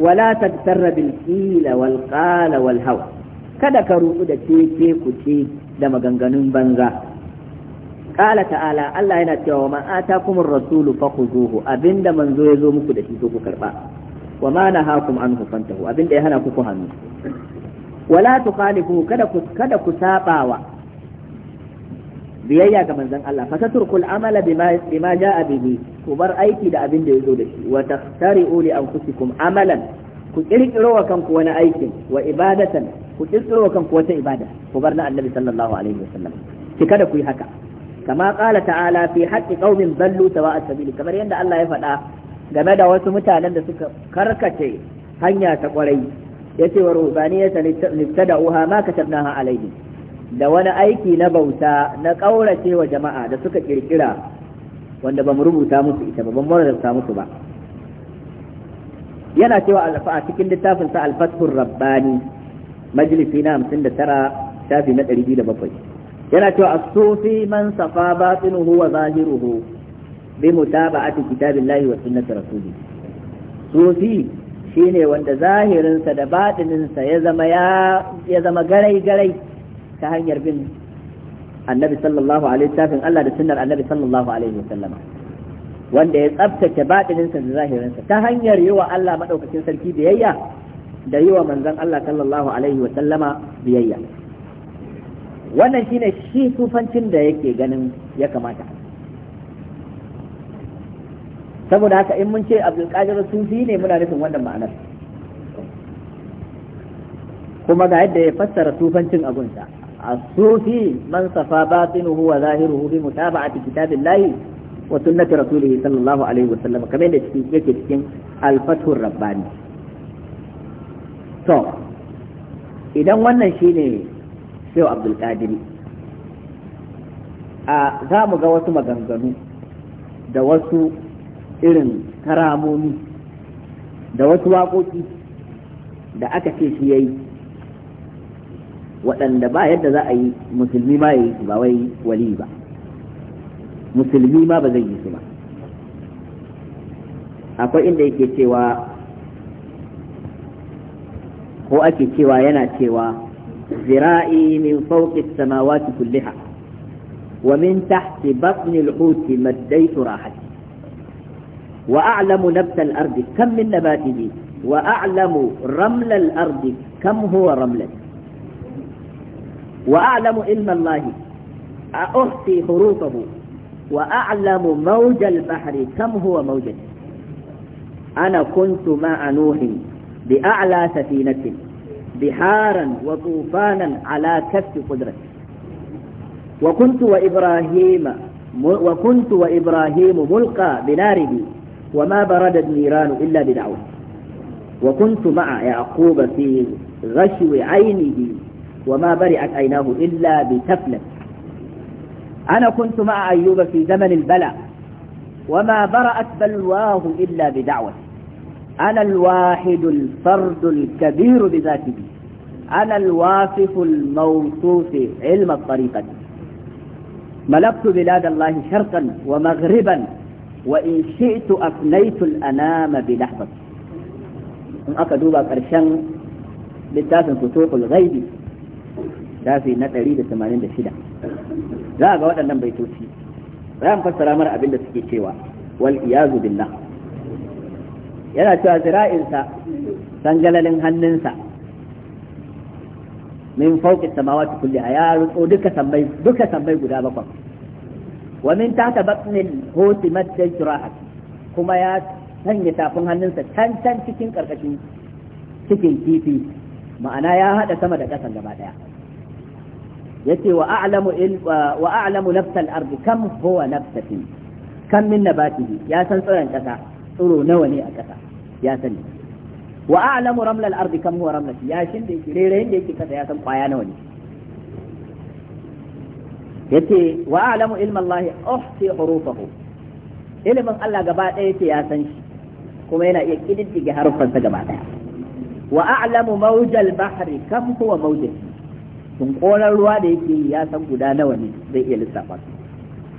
ولا تغتر بالكيل والقال والهوى kada ka ruɗu da ce ku ce da maganganun banza Kala ta'ala Allah yana cewa ma atakumur rasulu fakhuzuhu abinda manzo ya zo muku da shi to ku karba wa ma nahakum anhu fantahu abinda ya hana ku ku hannu wala tukhalifu kada ku kada ku sabawa biyayya ga manzon Allah fa tatrukul amala bima bima jaa bihi ku bar aiki da abin da yazo da shi wa tahtari'u li anfusikum amalan ku kirkiro wa kanku wani aikin wa ibadatan ku kirkiro wa kanku wata ibada ku bar na annabi sallallahu alaihi wasallam ki kada ku yi haka kama qala ta'ala fi haqqi qaumin ballu sawa'a sabili kamar yadda Allah ya faɗa game da wasu mutanen da suka karkace hanya ta kwarai yace wa rubaniyata nibtada'uha ma katabnaha alayhi da wani aiki na bauta na kaurace wa jama'a da suka kirkira wanda bamu rubuta musu ita ba bamu rubuta musu ba yana cewa a cikin littafin sa alfathur rabbani majalisi na 59 shafi na 207 yana cewa a sufi man safa batinuhu wa zahiruhu bi mutaba'ati kitabillahi wa sunnati rasuli sufi shine wanda zahirinsa da batininsa ya zama ya ya zama garai garai ta hanyar bin annabi sallallahu alaihi tafin Allah da sunnar annabi sallallahu alaihi wasallama wanda ya tsabtace batininsa da zahirinsa ta hanyar yi wa Allah madaukakin sarki biyayya da yi wa manzon Allah sallallahu alaihi wasallama biyayya wannan shine shi tufancin da yake ganin ya kamata saboda haka in mun ce abdulkadir sufi ne muna nufin wannan ma'anar kuma ga yadda ya fassara tufancin agunsa a sufi man safa batinuhu wa zahiruhu bi mutaba'ati kitabillahi wa sunnati rasulihi sallallahu alaihi wa sallam kamar yadda cikin yake cikin al-fathur rabbani to idan wannan shine sai abdul qadir a za mu ga wasu maganganu da wasu irin karamomi da wasu waƙoƙi da aka ce shi yayi waɗanda ba yadda za a yi musulmi ma ya yi su ba wai wali ba musulmi ma ba zai yi su ba akwai inda yake cewa ko ake cewa yana cewa ذرائي من فوق السماوات كلها ومن تحت بطن الحوت مديت راحتي وأعلم نبت الأرض كم من نباته وأعلم رمل الأرض كم هو رملة وأعلم علم الله أحصي حروفه وأعلم موج البحر كم هو موجه أنا كنت مع نوح بأعلى سفينة بحارا وطوفانا على كف قدرتي وكنت وإبراهيم وكنت وإبراهيم ملقى بناره وما بردت النيران إلا بدعوة وكنت مع يعقوب في غشو عينه وما برئت عيناه إلا بتفلة أنا كنت مع أيوب في زمن البلاء وما برأت بلواه إلا بدعوة أنا الواحد الفرد الكبير بذاته أنا الواصف الموصوف علم الطريقة ملكت بلاد الله شرقا ومغربا وإن شئت أفنيت الأنام بلحظة إن أكدوبا قرشان لتاس فتوق الغيب دافي نتريد الثمانين دشدة لا أقول أن بيتوشي رام فسر أمر أبن شوا والإياذ بالله يلا شو أزرائنسا سنجلل هننسا min fawqi samawati kulliha ya rutso duka sammai duka sammai guda bakwai wa min tahta batnil huti madda jirahat kuma ya sanya tafin hannunsa can can cikin karkashin cikin kifi ma'ana ya hada sama da ƙasan gaba daya yace wa a'lamu il wa a'lamu nafsal ardi kam huwa nafsatin kam min nabatihi ya san tsoron ƙasa tsiro nawa ne a ƙasa ya sani wa a'lamu ramla al-ardi kam huwa ramla yashin da yake rairayin da yake kasa ya san kwaya nawa ne yace wa a'lamu ilma Allah uhti hurufahu ilimin Allah gaba ɗaya yake ya san shi kuma yana iya kididdige harufansa gaba ɗaya wa a'lamu mawjal bahri kam huwa mawjal sun koran ruwa da yake ya san guda nawa ne zai iya lissafa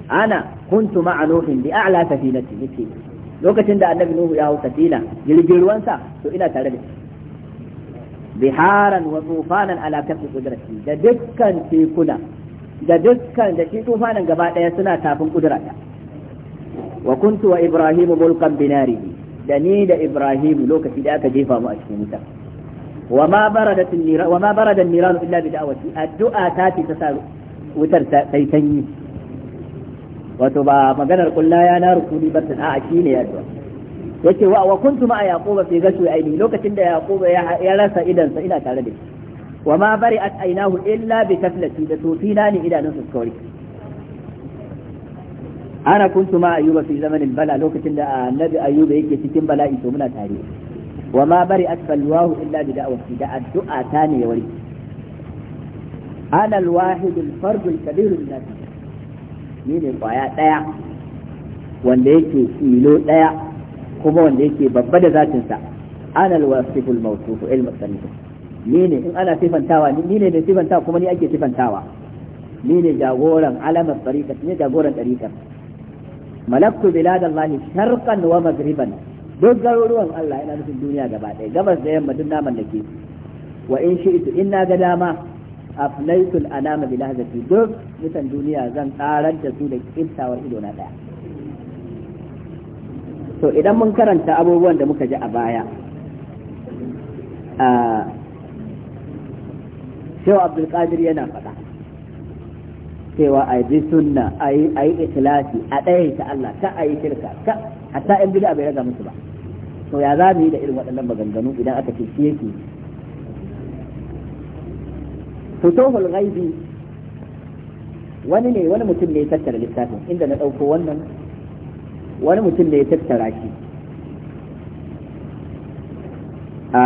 ana kuntu ma'a nuhin bi a'la safinati yace lokacin da annabi nuhu ya hau safina jirgin ruwansa to ina tare da shi biharan wa tufanan ala kafi kudrati da dukkan tekuna da dukkan da shi tufanin gaba daya suna tafin kudrata wa kuntu wa ibrahim mulkan binari da ni da ibrahim lokaci da aka jefa mu a cikin wuta wa ma baradat an-niran wa ma barada an-niran illa bi da'wati addu'a ta ce ta sa wutar ta sanyi wato ba maganar kulla ya na rukuni ba tana a ne ya to yace wa wa kuntu ma yaquba fi gashu aini lokacin da yaquba ya rasa idan sa ina tare da shi wa ma bari'at ainahu illa bi kaflati da tofina ne idanun su kawai ana kuntu ma ayyuba fi zamanin bala lokacin da annabi Ayuba yake cikin bala'i to muna tare wa ma bari'at falwahu illa bi da'awati da addu'a ta ne ya warke ana alwahid alfardu alkabir min ni ne kwaya ɗaya wanda yake filo ɗaya kuma wanda yake babba da zatinsa ana alwasiful mawsufu ilmu sanifu ni ne in ana sifantawa ni ne da sifantawa kuma ni ake sifantawa ni ne jagoran alamar tsarikar ni jagoran tsarikar malaktu ni sharqan wa maghriban duk garuruwan Allah yana nufin duniya gaba ɗaya gabas da yamma duk naman da ke wa in shi'tu in na ga dama aflaitul alama bi lahzati duk mutan duniya zan karar da su da kintawar ido na daya to idan mun karanta abubuwan da muka ji a baya a Shehu Abdul Qadir yana faɗa cewa a yi sunna a yi ikhlasi a ɗaya ta Allah ta a yi shirka ta hatta yan bid'a bai raga musu ba to ya za mu yi da irin waɗannan maganganu idan aka ce shi yake futuhul ghaibi wani ne wani mutum ne ya tattara littafin inda na ɗauko wannan wani mutum ne ya tattara shi a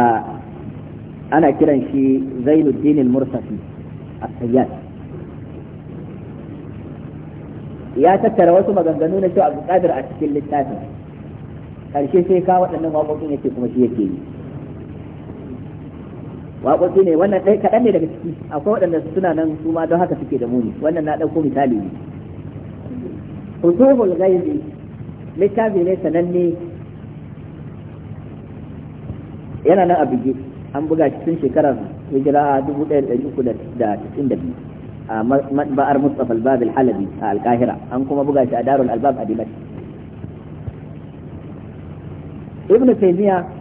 ana kiran shi zainuddin al-mursafi as-sayyad ya tattara wasu maganganu na cewa abdulkadir a cikin littafin karshe sai ka waɗannan waƙoƙin yake kuma shi yake yi waƙoƙi ne wannan ɗaya kaɗan ne daga ciki akwai waɗanda suna nan su ma don haka suke da muni wannan na ɗauko misali ne usuhul gaibi littafi ne sananne yana nan a bige an buga cikin shekarar hijira 1392 a matba'ar a al mustapha al-Halabi a al an kuma buga shi a Darul Albab a Dimashq Ibn Taymiyyah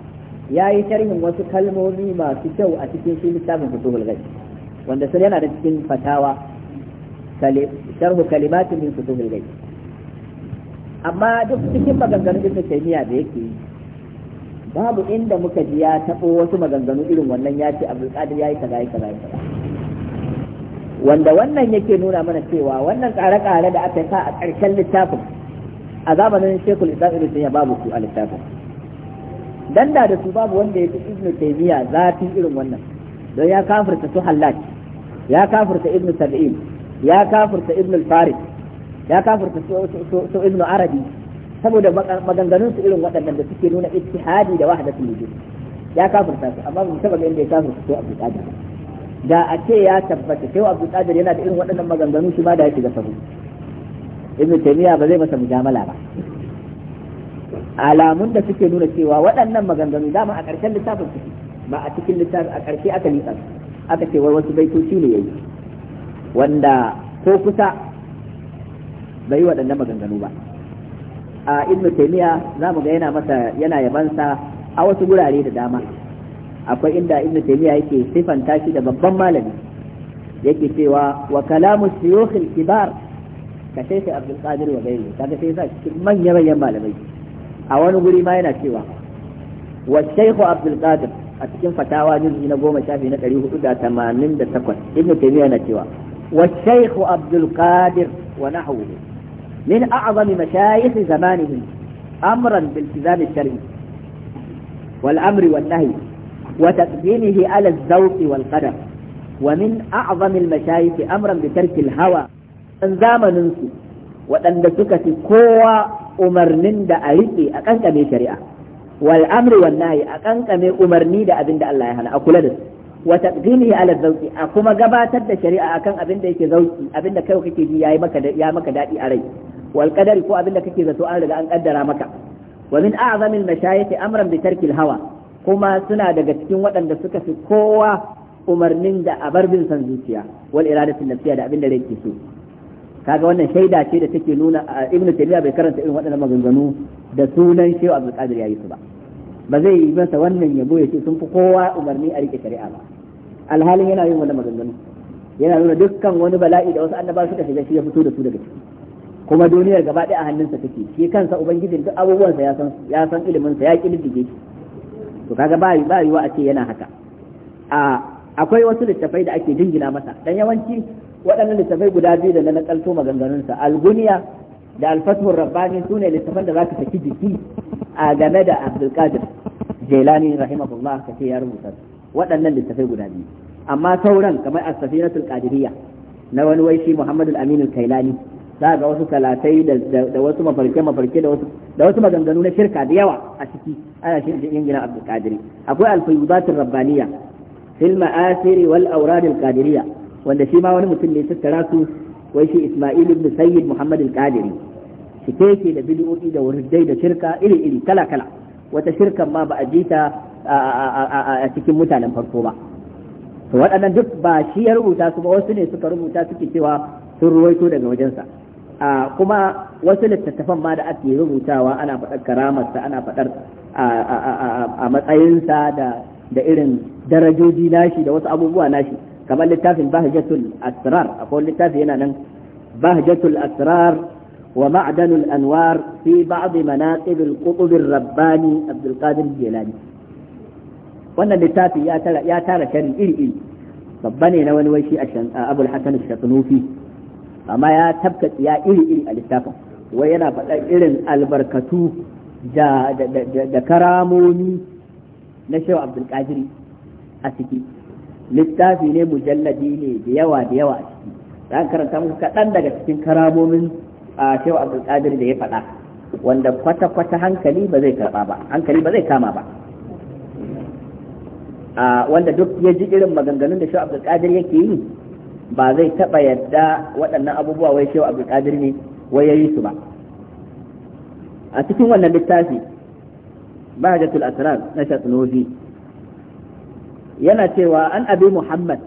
ya yi sharhin wasu kalmomi masu kyau a cikin shi littafin fusuhul ghaib wanda sun yana da cikin fatawa sharhu kalimatin min fusuhul ghaib amma duk cikin maganganun ibnu taymiya da yake yi babu inda muka ji ya tabo wasu maganganu irin wannan ya ce abdul qadir yayi kaza yayi kaza kaza wanda wannan yake nuna mana cewa wannan tsare-tsare da aka sa a ƙarshen littafin a zamanin shekul islam ibn babu su a littafin dan da da su babu wanda ya fi ibnu taymiya zafin irin wannan don ya kafirta su hallaj ya kafirta ibnu sab'in ya kafirta ibnu farid ya kafirta su ibnu arabi saboda maganganun su irin waɗannan da suke nuna ittihadi da wahdatu wujud ya kafirta su amma mun taba inda ya kafirta su abu qadir da a ce ya tabbata sai abu qadir yana da irin waɗannan maganganu shi ma da ya shiga sabu ibnu taymiya ba zai masa mujamala ba alamun da suke nuna cewa waɗannan maganganu dama a ƙarshen littafin suke ba a cikin littafin a ƙarshe aka nisa aka ce wai wasu baitoci ne yayi wanda ko kusa bai waɗannan maganganu ba a ibn taymiya za mu ga yana masa yana yabansa a wasu gurare da dama akwai inda ibn taymiya yake sifanta shi da babban malami yake cewa wa kalamu shuyukh kibar ka shaykh abdul qadir wa gairi kaga sai yasa cikin manyan malamai a wani guri ma yana cewa wa shaykhu abdul qadir a cikin fatawa juz'i na goma shafi na ɗari da da tamanin 488 ibnu taymiya yana cewa wa shaykhu abdul qadir wa nahwuhu min a'zami mashayikh zamanihim amran bil tizam shari wal amri wan nahy wa taqdimihi ala az-zawq wal qadar ومن أعظم المشايخ أمرا hawa الهوى zamanin su waɗanda suka ci kowa umarnin da a riƙe a kankame shari'a wal amri wan nahyi a ƙanƙame umarni da abin da Allah ya hana a kula da su wa taqdimihi ala zawqi a kuma gabatar da shari'a akan abin da yake zauki abin da kai kake ji yayi maka ya maka dadi a rai wal qadari ko abin da kake zato an riga an kaddara maka wa min a'zamil mashayikh amran bi tarkil hawa kuma suna daga cikin waɗanda suka fi kowa umarnin da a bar bin san zuciya wal iradatin nafsiya da abin da rai so kaga wannan shaida ce da take nuna ibnu taymiya bai karanta irin waɗannan maganganu da sunan shehu abdul qadir yayi su ba ba zai yi masa wannan yabo ya ce sun fi kowa umarni a rike shari'a ba alhalin yana yin wannan maganganu yana nuna dukkan wani bala'i da wasu annaba suka shiga shi ya fito da su daga ciki kuma duniyar gaba ɗaya a hannunsa take shi kansa ubangijin duk abubuwansa ya san ya san ilimin sa ya kididdige shi to kaga ba ba yiwa a ce yana haka a akwai wasu littafai da ake jingina masa dan yawanci waɗannan littafai guda biyu da na nakalto maganganunsa alguniya da alfathur rabbani su ne littafan da za ka saki jiki a game da abdulkadir jelani rahimahullah ka ce ya rubuta waɗannan littafai guda biyu amma sauran kamar as-safinatul qadiriyya na wani wai shi muhammad al-amin al-kailani za ga wasu talatai da wasu mafarke mafarke da wasu da wasu maganganu na shirka da yawa a ciki ana shi da ingina abdulkadir akwai al-fayyudatur rabbaniyya fil ma'asiri wal awrad al-qadiriyya wanda shi ma wani mutum ne tattara su wai shi Isma'il ibn Sayyid Muhammad al-Qadiri shi yake da bid'o'i da wurdai da shirka iri iri kala kala wata shirkan ma ba a jita a cikin mutanen farko ba to waɗannan duk ba shi ya rubuta su ba wasu ne suka rubuta suke cewa sun ruwaito daga wajensa a kuma wasu littattafan ma da ake rubutawa ana faɗar karamarsa ana faɗar a matsayinsa da irin darajoji nashi da wasu abubuwa nashi kamar littafin bahjatul asrar akwai littafi yana nan bahjatul asrar wa ma'danul anwar fi ba'd manaqib al-qutub ar-rabbani Abdul Qadir Jilani wannan littafi ya tara ya tara shari iri iri babba ne na wani wai shi Abul Hasan al amma ya tabka ya iri iri a littafin wai yana faɗa irin albarkatu da da karamomi na Shehu Abdul Qadir a ciki littafi ne mujalladi ne da yawa da yawa a ciki za karanta muku kaɗan daga cikin karamomin a shehu abdulkadir da ya faɗa wanda kwata-kwata hankali ba zai karɓa ba hankali ba zai kama ba a wanda duk ya ji irin maganganun da shehu abdulkadir yake yi ba zai taɓa yadda waɗannan abubuwa wai shehu abdulkadir ne wai ya yi su ba a cikin wannan littafi bahajatul asrar na shatunozi yana cewa an abi muhammad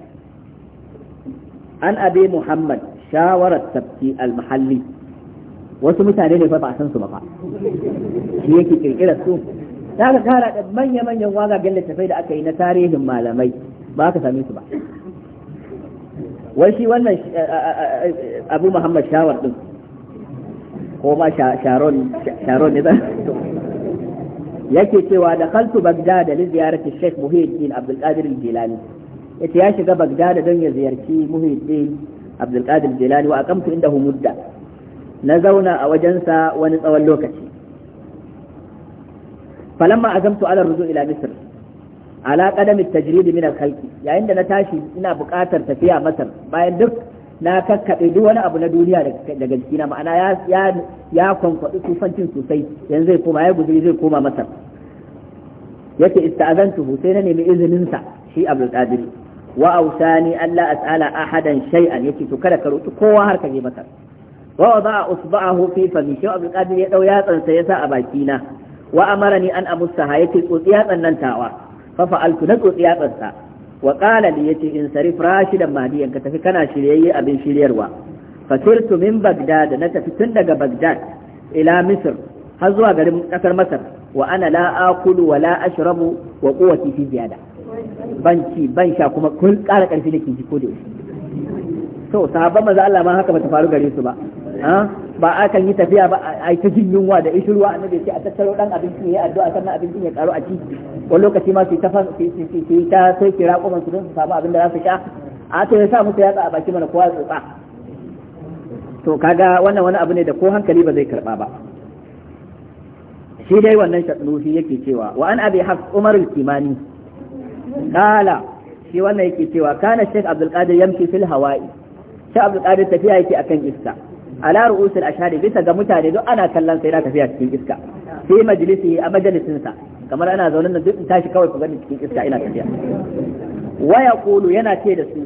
an abi muhammad shawarar tafki al-mahalli wasu mutane ne fa ba san su ba fa shi yake kirkira su ta ka kara da manya-manyan wagagen littattafai da aka yi na tarihin malamai ba ka same su ba wai shi wannan eh, eh, eh, abu muhammad shawar din ko ma sharon ne ba yake cewa da kaltu bagdad da ziyarati sheikh muhyiddin abdul qadir jilani yace ya shiga bagdad don ya ziyarci muhyiddin abdul jilani wa aqamtu indahu mudda na zauna a wajensa wani tsawon lokaci falamma azamtu ala ruzu ila misr ala qadami at-tajrid min al-khalqi yayin da na tashi ina buƙatar tafiya masar bayan duk na kakkaɓe duk wani abu na duniya daga jikina ma'ana ya ya ya kwankwaɗi tufancin sosai yanzu zai koma ya guzuri zai koma masar yace ista'azantuhu sai na nemi izinin sa shi Abdul Qadir wa awsani alla as'ala ahadan shay'an yake to kada ka roki kowa har ka je masar wa wada'a usba'ahu fi fami shi Abdul Qadir ya dau yatsan sa ya sa a bakina wa amarani an amussa yace tsotsi yatsan nan tawa fa fa'altu na tsotsi yatsan sa wa qala ya ce in sarif da madiyan ka tafi kana shiryayye abin shiryarwa fatirtu min bagdad na tafi tun daga bagdad ila misir har zuwa garin kasar masar wa ana la akulu wa la ashrabu wa quwwati fi ziyada ban ci sha kuma kun ƙara ƙarfi nake ji ko da to sahabban manzo Allah ma haka bata faru gare su ba ba a kan yi tafiya ba a yi ta jin yunwa da ishirwa annabi ce a tattaro dan abinci ya addu'a sannan abincin ya karo a ciki. wani lokaci ma su ta su ta sai kira kuman su don su samu abin da za su sha a ta ya sa musu yatsa a baki mana kowa tsotsa to kaga wannan wani abu ne da ko hankali ba zai karba ba shi dai wannan shatnufi yake cewa wa an abi haf umar al-kimani qala shi wannan yake cewa kana shaykh abdul qadir yamshi fil hawa'i shaykh abdul qadir tafiya yake akan iska ala ru'usul ashhadi bisa ga mutane duk ana kallon sai na tafiya cikin iska fi majlisi a majalisin sa kamar ana zaune da duk tashi kawai ku gani cikin iska ina tafiya wa yaqulu yana ce da su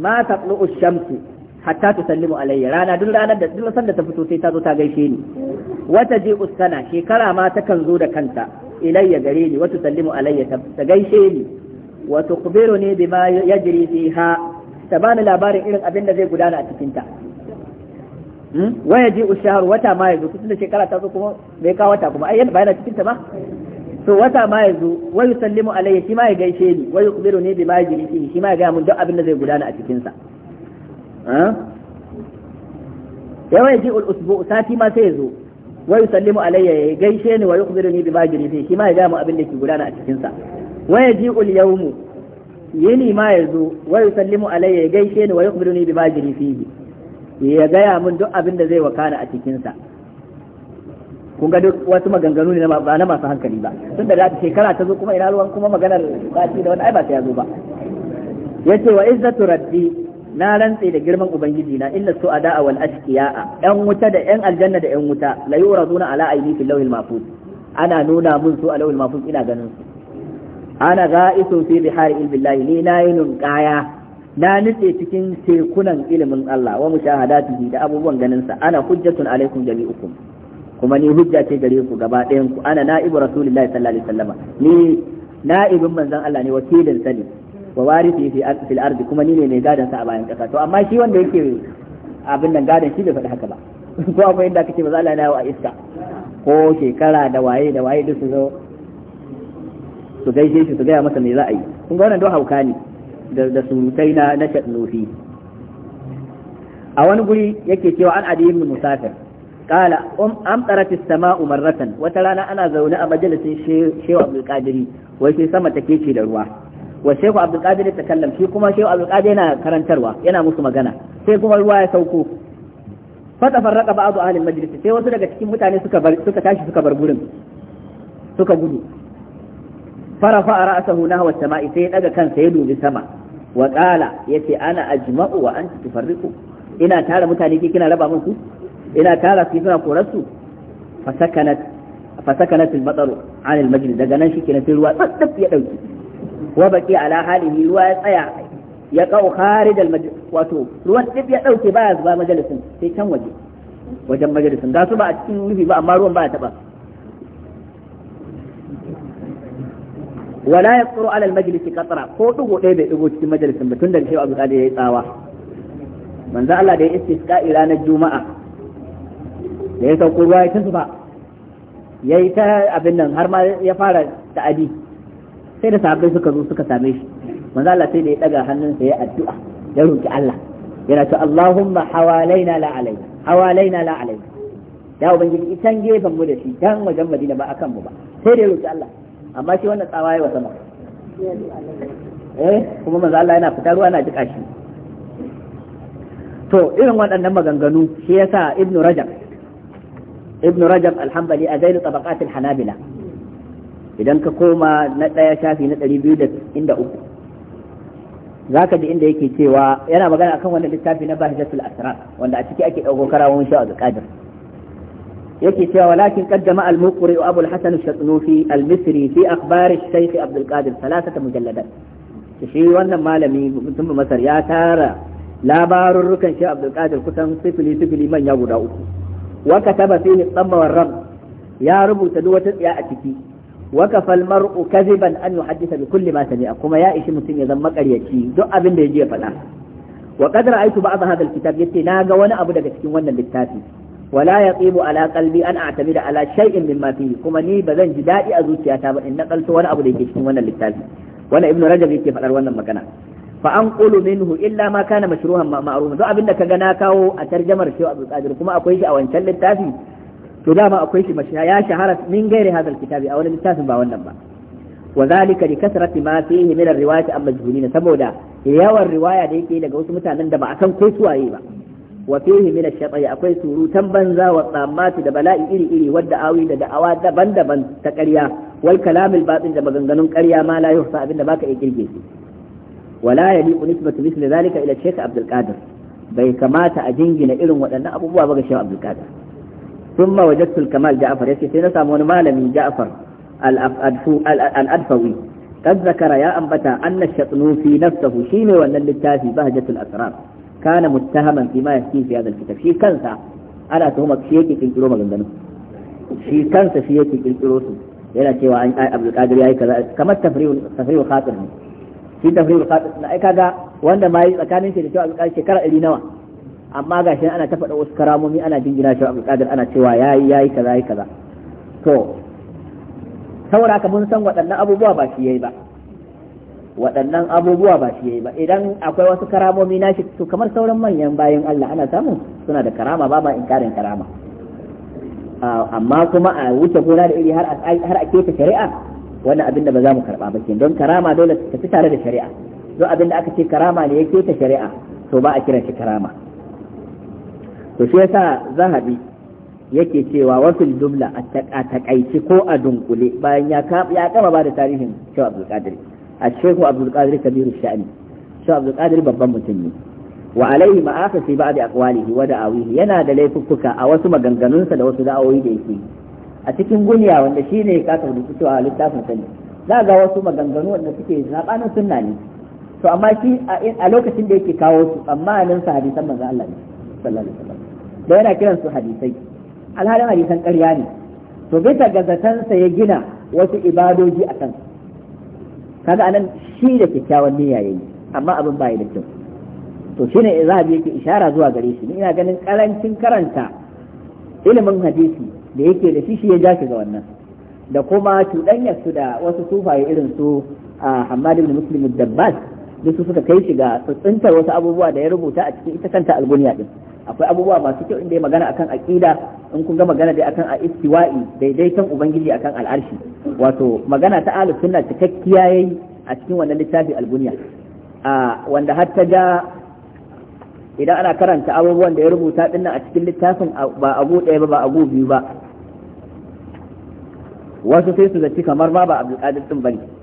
ma taqlu ash-shamsu hatta tusallimu alayya rana duk ranar da duk sanda ta fito sai ta zo ta gaishe ni wata ji sana shekara ma takan zo da kanta ilayya gare ni wa tusallimu alayya ta gaishe ni wa tuqbiruni bima yajri fiha ta bani labarin irin abin da zai gudana a cikinta Hmm? waya ji ushahar wata ma yanzu kusan da shekara ta zo kuma bai kawo wata kuma ai yana bayana cikin ta ma to wata ma yanzu wa yusallimu alayhi shi ma ya gaishe ni wa bi ma yajri fihi shi ma ya ga mun duk abin da zai gudana a cikin sa ya waya ji ul usbu sati ma sai zo wa yusallimu alayya ya gaishe ni wa yukhbiruni bima yajri fihi shi ma ya ga mun abin da ke gudana a cikin sa wa yaji ul yawmu yini ma yazo wa yusallimu alayya ya gaishe ni wa yukhbiruni bima yajri fihi ya gaya min duk abin da zai wakana a cikinsa kun ga duk wasu maganganu ne ba na masu hankali ba tun da shekara ta zo kuma ina ruwan kuma maganar sati da wani ai ba ta yazo ba yace wa izzatu rabbi na rantse da girman ubangiji na su ada'a wal ashqiya'a yan wuta da yan aljanna da yan wuta la yuraduna ala aini fil lawhil mahfuz ana nuna mun su a lawhil mahfuz ina ganin su ana ga'isu fi bihari ilbillahi ni nayinun qaya na nitse cikin tekunan ilimin Allah wa mushahadatihi da abubuwan ganin sa ana hujjatun alaikum jami'ukum kuma ni hujja ce gare ku gaba ɗayan ku ana na'ibu rasulullahi sallallahu alaihi wasallama ni na'ibin manzon Allah ne wakilin sani wa warithi fi fil ardi kuma ni ne mai gadan sa a bayan kasa to amma shi wanda yake abin nan gadan shi bai faɗi haka ba ko akwai inda kace ba za Allah ya a iska ko shekara da waye da waye duk su zo su gaishe shi su gaya masa me za a yi kun ga wannan don hauka ne da surutai na na nufi. a wani guri yake cewa an adi ibn musafir qala um amtarat as-sama'u marratan wata rana ana zaune a majalisin shehu abdul qadiri wai sai sama take ce da ruwa wa shehu abdul ta kallam shi kuma shehu abdul yana karantarwa yana musu magana sai kuma ruwa ya sauko fata farraka ba'du ahli majlis sai wasu daga cikin mutane suka bar suka tashi suka bar gurin suka gudu farafa a ra'asa, nahwa as-sama'i sai ya daga kansa ya dubi sama wa qala yace ana ajma'u wa anta tufarriqu ina tara mutane ke kina raba musu ina tara su kina korar su fa sakanat fa sakanat al-matar an al-majlis daga nan shikenan sai ruwa tsatsaf ya dauki wa baki ala halihi ruwa ya tsaya ya kau kharij al-majlis wato ruwan tsif ya dauke baya zuba majalisin sai can waje wajen majalisin ga su ba a cikin rufi ba amma ruwan ba ya taba wala yaqru ala al-majlisi qatra ko dugo ɗaya bai dugo cikin majalisin ba tun da shehu Abu Sa'id yayi tsawa manzo Allah da ya ila na juma'a da ya sauko ruwa ya tuntuba yayi ta abin nan har ma ya fara ta'adi sai da sahabbai suka zo suka same shi manzo Allah sai da ya daga hannunsa ya addu'a ya roki Allah yana ta Allahumma hawalaina la alaina hawalaina la alaina ya ubangiji itan gefen mu da shi dan wajen Madina ba akan mu ba sai da ya roki Allah amma shi wannan tsawa ya sama eh kuma manzo Allah yana fitar ruwa yana jika shi to irin waɗannan maganganu shi yasa ibnu rajab ibnu rajab alhambali a zainu tabaqatil hanabila idan ka koma na ɗaya shafi na ɗari biyu da inda uku za ka ji inda yake cewa yana magana akan wannan littafi na bahijatul asrar wanda a ciki ake ɗauko karawon sha a yake cewa walakin kaddama al-muqri Abu al-Hasan al-Shatnufi al-Misri fi akhbar al-Shaykh Abd al-Qadir thalathata mujalladat shi wannan malami mutum Masar ya tara labarurrukan shi Abd al-Qadir kusan sifili sifili manya guda uku wa kataba fihi tsamma ram ya rubuta duk wata tsiya a ciki wa kafal mar'u kadhiban an yuhaddisa bi kulli ma sami'a kuma ya ishi mutum ya zama ƙaryaci duk abin da ya je ya faɗa wa qad ba ba'd hadha al-kitab yace na ga wani abu daga cikin wannan littafi wala yaqibu ala qalbi an da ala shay'in mimma fihi kuma ni bazan ji daɗi a zuciyata ba in na nakalto wani abu da yake cikin wannan littafi wannan ibnu rajab yake faɗar wannan magana fa an qulu minhu illa ma kana mashruhan ma'ruf duk abinda kaga na kawo a tarjamar shi a Qadir kuma akwai shi a wancan littafi to dama akwai shi ya shahara min gairi hadal kitabi a wani littafin ba wannan ba wa zalika li kasrati ma fihi min ar-riwayati am majhulina saboda yawon riwaya da yake daga wasu mutanen da ba a san ko suwaye ba wa fihi min ash-shay'i akwai surutan banza wa tsammati da bala'i iri iri wadda awi da da'awa daban-daban ta karya wal kalamil batin da maganganun ƙarya ma abinda baka iya girge shi wala yaliqu nisbatu misli zalika ila shaykh Abdul Qadir bai kamata a jingina irin waɗannan abubuwa ba ga shaykh Abdul Qadir thumma wajadtu al-kamal Ja'far yace sai na samu wani malami Ja'far al-Adfawi ya ambata يا أنبتا أن الشطنوفي نفسه شيني وأن التافي بهجة الأسرار kana muttahaman fi ma yaskin fi hadha alkitab shi kansa ana tuhumar shi yake kirkiro maganganu shi kansa shi yake kirkiro su yana cewa an ai abdul qadir kaza kamar tafriul tafriul shi tafriul khatir na wanda ma tsakanin shi abdul qadir shekara ɗari nawa amma gashi ana ta wasu karamomi ana jingina shi abdul qadir ana cewa yayi kaza yayi kaza to san waɗannan abubuwa ba shi ba waɗannan abubuwa ba shi yayi ba idan akwai wasu karamomi nashi to kamar sauran manyan bayan Allah ana samu suna da karama ba ma inkarin karama amma kuma a wuce gona da iri har a keta shari'a wannan abin da ba za mu karba ba don karama dole ta fi tare da shari'a don abin da aka ce karama ne ya keta shari'a to ba a kiran shi karama to shi yasa zahabi yake cewa wafil jumla a takaici ko a dunkule bayan ya kama ba da tarihin cewa abdulkadir a shehu abdulkadir kabiru sha'ani shehu abdulkadir babban mutum ne wa alaihi ma'afa fi ba'd aqwalihi wa da'awihi yana da laifuka a wasu maganganunsa da wasu da'awoyi da yake a cikin gunya wanda shine ka ka rubuta a littafin sa ne za ga wasu maganganu wanda suke sabanin sunna ne to amma shi a lokacin da yake kawo su amma nan sa hadisan manzo Allah ne sallallahu alaihi wasallam da yana kiran su hadisai alhalin hadisan ƙarya ne to bisa ga zatansa ya gina wasu ibadoji a kansu kaga anan shi da kyakkyawan niyya yayi amma abin bai da kyau to shine zahabi yake ishara zuwa gare shi ina ganin karancin karanta ilimin hadisi da yake da shi shi ya ja ga wannan da kuma cuɗanyar su da wasu sufaye irin su a Hammad ibn Muslim dabbas duk suka kai shi ga tsintar wasu abubuwa da ya rubuta a cikin ita kanta alguniya din akwai abubuwa masu kyau inda ya magana akan aqida in kun ga magana dai akan a istiwa'i daidaiton ubangiji akan al'arshi wato magana ta ahlus sunna cikakkiya yayi a cikin wannan littafi alguniya a wanda har ta ga idan ana karanta abubuwan da ya rubuta dinnan a cikin littafin ba abu ɗaya ba ba abu biyu ba wasu sai su zaci kamar ma ba abdulkadir din bane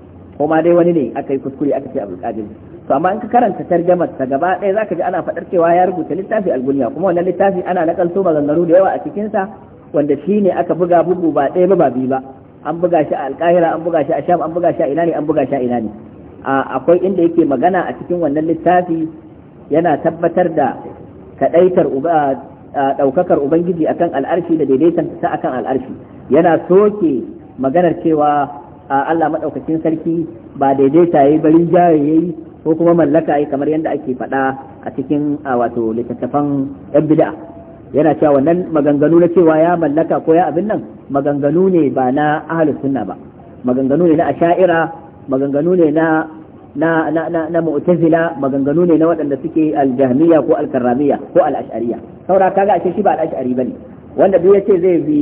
ko ma dai wani ne aka yi kuskure aka ce abul kadir to amma in ka karanta tarjamar ta gaba ɗaya zaka ji ana faɗar cewa ya rubuta littafi al-gunya kuma wannan littafi ana nakalto maganganu da yawa a cikin sa wanda shi ne aka buga bugu ba ɗaya ba ba biyu ba an buga shi a alkahira an buga shi a sham an buga shi a ina ne an buga shi a ina ne akwai inda yake magana a cikin wannan littafi yana tabbatar da kadaitar daukakar ubangiji akan al'arshi da daidaitan ta akan al'arshi yana soke maganar cewa a Allah madaukakin sarki ba daidai ta yayi barin jaye yayi ko kuma mallaka yi kamar yadda ake faɗa a cikin wato littattafan yan bid'a yana cewa wannan maganganu na cewa ya mallaka ko ya abin nan maganganu ne ba na ahlus sunna ba maganganu ne na asha'ira maganganu ne na na na na, na mu'tazila maganganu ne na waɗanda suke aljahmiya ko alkarramiya ko al-ash'ariyya saura kaga ashe shi ba al-ash'ari bane wanda duk yace zai bi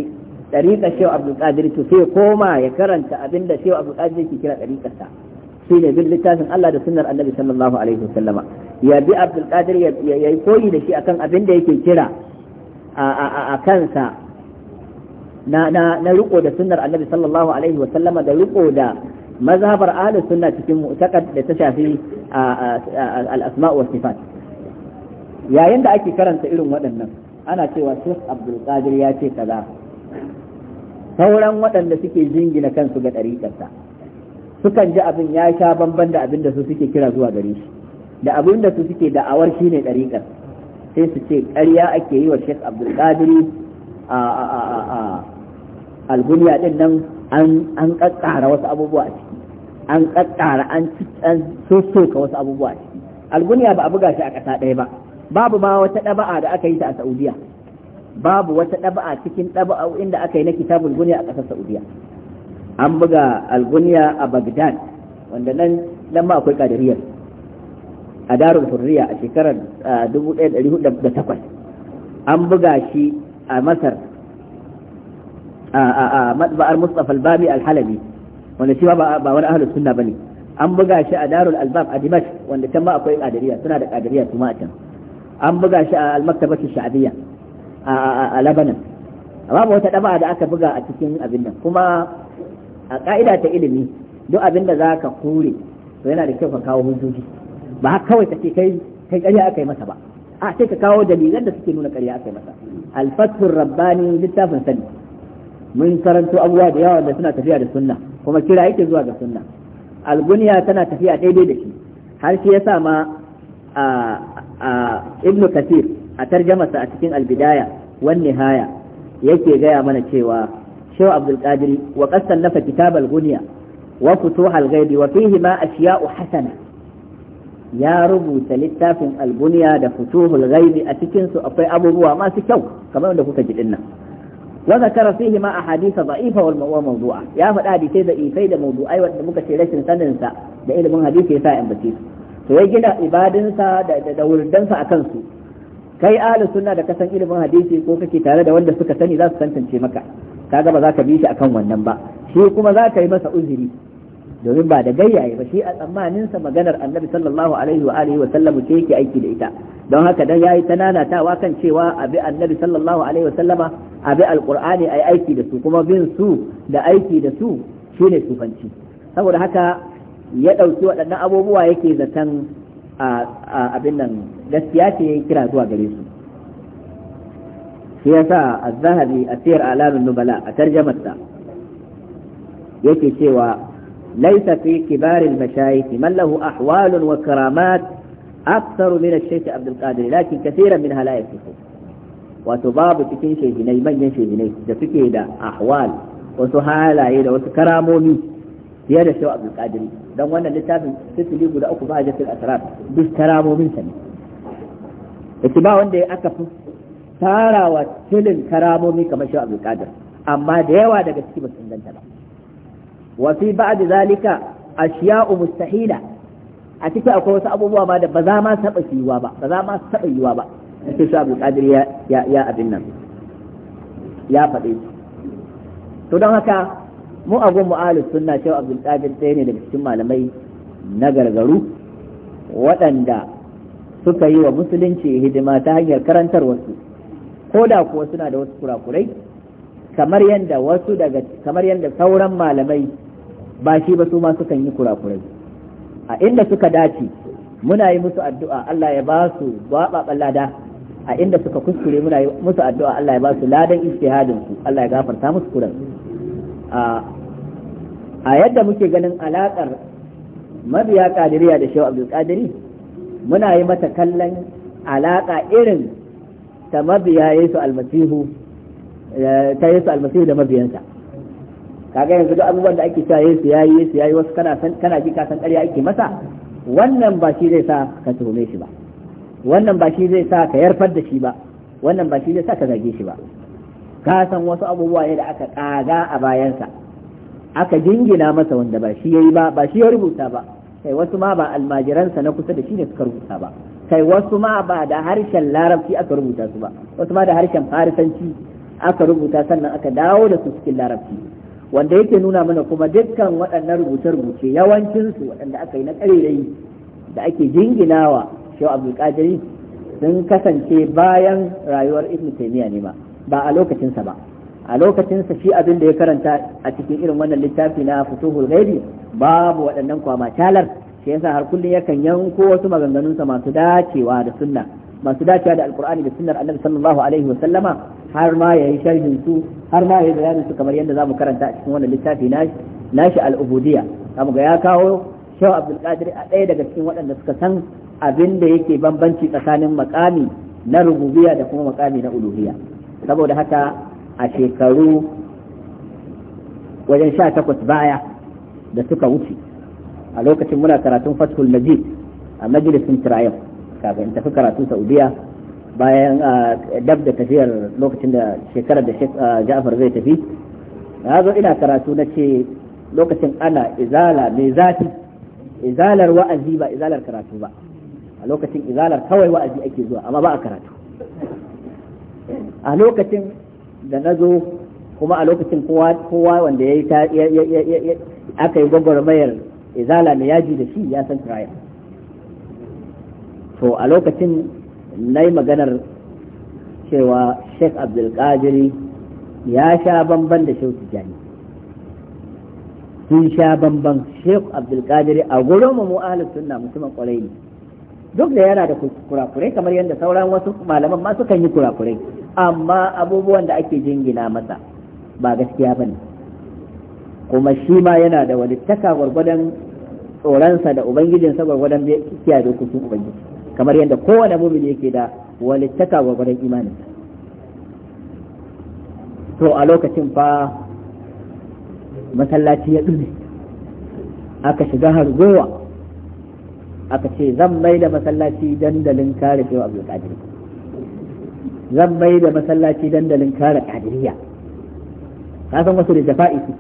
ɗariƙa shehu abdulkadir to sai koma ya karanta abin da shehu abdulkadir ke kira ɗariƙarsa shi ne bin littafin Allah da sunnar annabi sallallahu alaihi wasallama ya bi abdulkadir ya koyi da shi akan abin da yake kira a kansa na na riko da sunnar annabi sallallahu alaihi wasallama da riko da mazhabar ahlus sunna cikin mu'taqad ta shafi al-asma' wa sifat yayin da ake karanta irin waɗannan ana cewa Sheikh Abdul Qadir ya ce kaza sauran waɗanda suke jingina kansu ga ɗariƙarsa sukan ji abin ya sha bamban da abin da su suke kira zuwa gare shi da abin da su suke da'awar shi ne ɗariƙar sai su ce ƙarya ake yi wa sheikh abdulkadiri a Alguniya ɗin nan an ƙaƙƙara wasu abubuwa a ciki an ƙaƙƙara an sosoka wasu abubuwa a ciki Alguniya ba a buga shi a ƙasa ɗaya ba babu ma wata ɗaba'a da aka yi ta a saudiya babu wata ɗaba'a cikin ɗaba'a inda aka yi na kitabul gunya a ƙasar saudiya an buga alguniya a bagdad wanda nan nan ma akwai kadiriyar a darul hurriya a shekarar 1408 an buga shi a masar a matba'ar mustafa albami alhalabi wanda shi ba wani ahalus sunna bane an buga shi a darul albab a dimash wanda can ma akwai kadiriya suna da kadiriya kuma a can an buga shi a almaktabatu sha'adiyya a labanan babu wata daba da aka buga a cikin abin nan kuma a ka'ida ta ilimi duk abin da za ka kore to yana da kyau ka kawo hujjoji ba kawai ka ce kai kai ƙarya aka yi masa ba a sai ka kawo dalilan da suke nuna ƙarya aka yi masa alfatul rabbani littafin sani mun karanto abubuwa da yawa da suna tafiya da sunna kuma kira yake zuwa ga sunna alguniya tana tafiya daidai da shi har shi sa ma a ibnu kathir a tarjamarsa a cikin albidaya wan nihaya yake gaya mana cewa shehu abdul qadir wa qad sallafa kitab al gunya wa futuh al ghaibi wa fihi ma ashiya'u hasana ya rubuta littafin al da futuhul ghaibi a cikin su akwai abubuwa masu kyau kamar da kuka ji dinnan wa zakara fihi ma ahadith da'ifa wal mawdu'a ya faɗa hadisai da ifai da mawdu'ai wanda muka ce rashin sanin sa da ilimin hadisi yasa in bace to ya gina ibadinsa da da wurdansa akan su kai ahli sunna da kasan ilimin hadisi ko kake tare da wanda suka sani za su tantance maka kaga ba za ka bi shi akan wannan ba shi kuma za ka yi masa uzuri domin ba da gayyaye ba shi a tsammanin sa maganar annabi sallallahu alaihi wa alihi wa sallam ce yake aiki da ita don haka dan yayi ta nanatawa kan cewa abi annabi sallallahu alaihi wa sallama abi alqur'ani ai aiki da su kuma bin su da aiki da su shine sufanci saboda haka ya dauki waɗannan abubuwa yake zaton a abin nan gaskiya ce kira zuwa gare su shi yasa az-zahabi a siyar alamin nubala a tarjamarsa yake cewa laisa fi kibaril mashayikh man lahu ahwalun wa karamat aksaru min ash-shaykh Abdul Qadir lakin kaseeran min halayat wato babu cikin shehinai manyan shehinai da suke da ahwal wasu halaye da wasu karamomi fiye da shehu abin qadiri don wannan littafin sifili guda uku ba a jatul asirar duk karamomin sa ne yace ba wanda aka fi tarawa tilin karamomi kamar shehu abin qadir amma da yawa daga ciki ba su inganta ba wa fi ba'd zalika ashiya'u mustahila a ciki akwai wasu abubuwa ma da ba za ma saba yiwuwa ba ba za ma saba yiwuwa ba a shehu abdul abin ya ya abin nan ya faɗi to don haka mu abun mu'alif sunna cewa abdul qadir ɗaya ne daga cikin malamai na gargaru waɗanda suka yi wa musulunci hidima ta hanyar karantar wasu ko da kuwa suna da wasu kurakurai kamar yadda wasu daga kamar yadda sauran malamai ba shi ba su ma sukan yi kurakurai a inda suka dace muna yi musu addu'a Allah ya ba su gwaɓaɓa lada a inda suka kuskure muna yi musu addu'a Allah ya ba su ladan ijtihadin su Allah ya gafarta musu kuran a yadda muke ganin alaƙar mabiya ƙadiriya da shehu abdulkadiri muna yi mata kallon alaƙa irin ta mabiya yesu almasihu eh, ta yesu almasihu da mabiyansa kaga yanzu duk abubuwan da ake cewa yesu yayi yesu yayi wasu kana san kana ji ka san ƙarya ake masa wannan ba shi zai sa ka tuhume shi ba wannan ba shi zai sa ka yarfar da shi ba wannan ba shi zai sa ka zage shi ba ka san wasu abubuwa ne da aka kaga a bayansa aka jingina masa wanda ba shi yayi ba ba shi ya rubuta ba kai wasu ma ba almajiransa na kusa da shi ne suka rubuta ba kai wasu ma ba da harshen larabci aka rubuta su ba wasu ma da harshen farisanci aka rubuta sannan aka dawo da su cikin larabci wanda yake nuna mana kuma dukkan waɗannan rubuce-rubuce yawancinsu waɗanda aka yi na ƙarerayi da ake jinginawa shehu abdulkadiri sun kasance bayan rayuwar ibn taymiya ne ma ba a lokacinsa ba a lokacinsa shi abin da ya karanta a cikin irin wannan littafi na fusuhul gaibi babu waɗannan kwama kwamatalar shi yasa har kullum yakan yanko wasu maganganunsa masu dacewa da sunna masu dacewa da alkur'ani da sunnar annabi sallallahu alaihi wa sallama har ma yayi sharhin su har ma yayi bayanin su kamar yadda zamu karanta a cikin wannan littafi na shi al-ubudiyya ga ya kawo Shehu Abdul Qadir a ɗaya daga cikin waɗanda suka san abin da yake bambanci tsakanin makami na rububiya da kuma makami na uluhiya saboda haka a shekaru wajen sha takwas baya da suka wuce a lokacin muna karatun fathul majid a majalisin tirayim kafin tafi karatu saudiya bayan dab da tafiyar lokacin da shekarar da ja'far zai tafi na zo ina karatu na ce lokacin ana izala mai zafi izalar wa'azi ba izalar karatu ba a lokacin izalar kawai wa'azi ake zuwa amma ba a karatu a lokacin da na zo kuma a lokacin kowa wanda ya yi aka yi gwagwarmayar izala na yaji da shi ya san trial to a lokacin na yi maganar cewa sheikh abdulkadir ya sha bamban da shehu tijjani sun sha bamban sheikh abdulkadir a gurin mu ahlus sunna musamman kwarai ne duk da yana da kurakurai kamar yadda sauran wasu malaman ma sukan yi kurakurai amma abubuwan da ake jingina masa ba gaskiya bane kuma shi ma yana da walittaka gwargwadon tsoronsa da ubangijinsa gwargwadon kiyaye dokokin ubangiji kamar yadda kowane mumin yake da walittaka gwargwadon imanin to a lokacin fa masallaci ya dume aka shiga har gowa aka ce zan mai da masallaci dandalin kare cewa abdul zan mai da masallaci dandalin kare kadiriya ka san wasu da jafa'i suke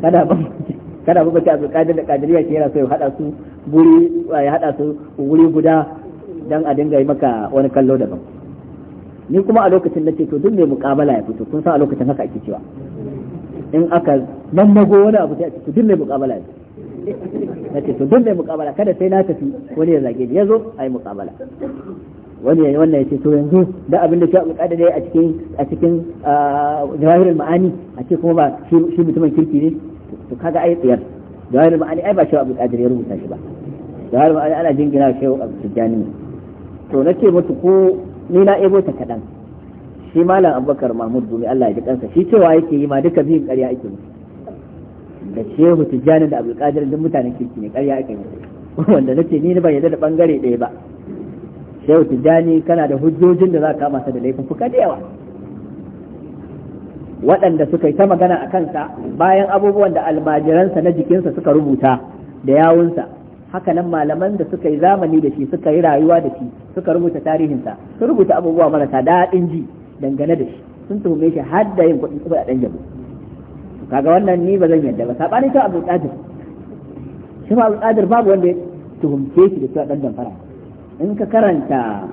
kada ba kada ba ka kadir da kadiriya ke yana so ya hada su guri ya hada su guri guda dan a dinga yi maka wani kallo daban ni kuma a lokacin nace to duk mai mukabala ya fito kun san a lokacin haka ake cewa in aka mammago wani abu sai a ce duk mai mukabala ya nace to duk mai mukabala kada sai na tafi wani ya zage ni yazo ayi mukabala wani wannan yace to yanzu da abin da shafi kada dai a cikin a cikin jawahirul ma'ani a ce kuma ba shi mutumin kirki ne to kaga ai tsiyar jawahirul ma'ani ai ba shi abu kadare ya rubuta shi ba jawahirul ma'ani ana jingina shi abu ne. to nake mutu ko ni na ebo ta kadan shi malam abubakar mahmud gumi Allah ya ji kansa shi cewa yake yi ma duka biyun ƙarya ake yi? da shehu tijjani da abdulkadir duk mutanen kirki ne ƙarya ake yi. wanda nake ni ban yadda da bangare ɗaya ba sai shehu tijjani kana da hujjojin da za ka kama da laifin fuka da yawa waɗanda suka yi ta magana a kansa bayan abubuwan da almajiransa na jikinsa suka rubuta da yawunsa hakanan nan malaman da suka yi zamani da shi suka yi rayuwa da shi suka rubuta tarihinsa sun rubuta abubuwa marasa daɗin ji dangane da shi sun tuhume shi har da yin kuɗin ɗan jabo kaga wannan ni ba zan yarda ba saɓanin shi abu qadir shi abu qadir babu wanda ya tuhumce shi da cewa ɗan damfara in ka karanta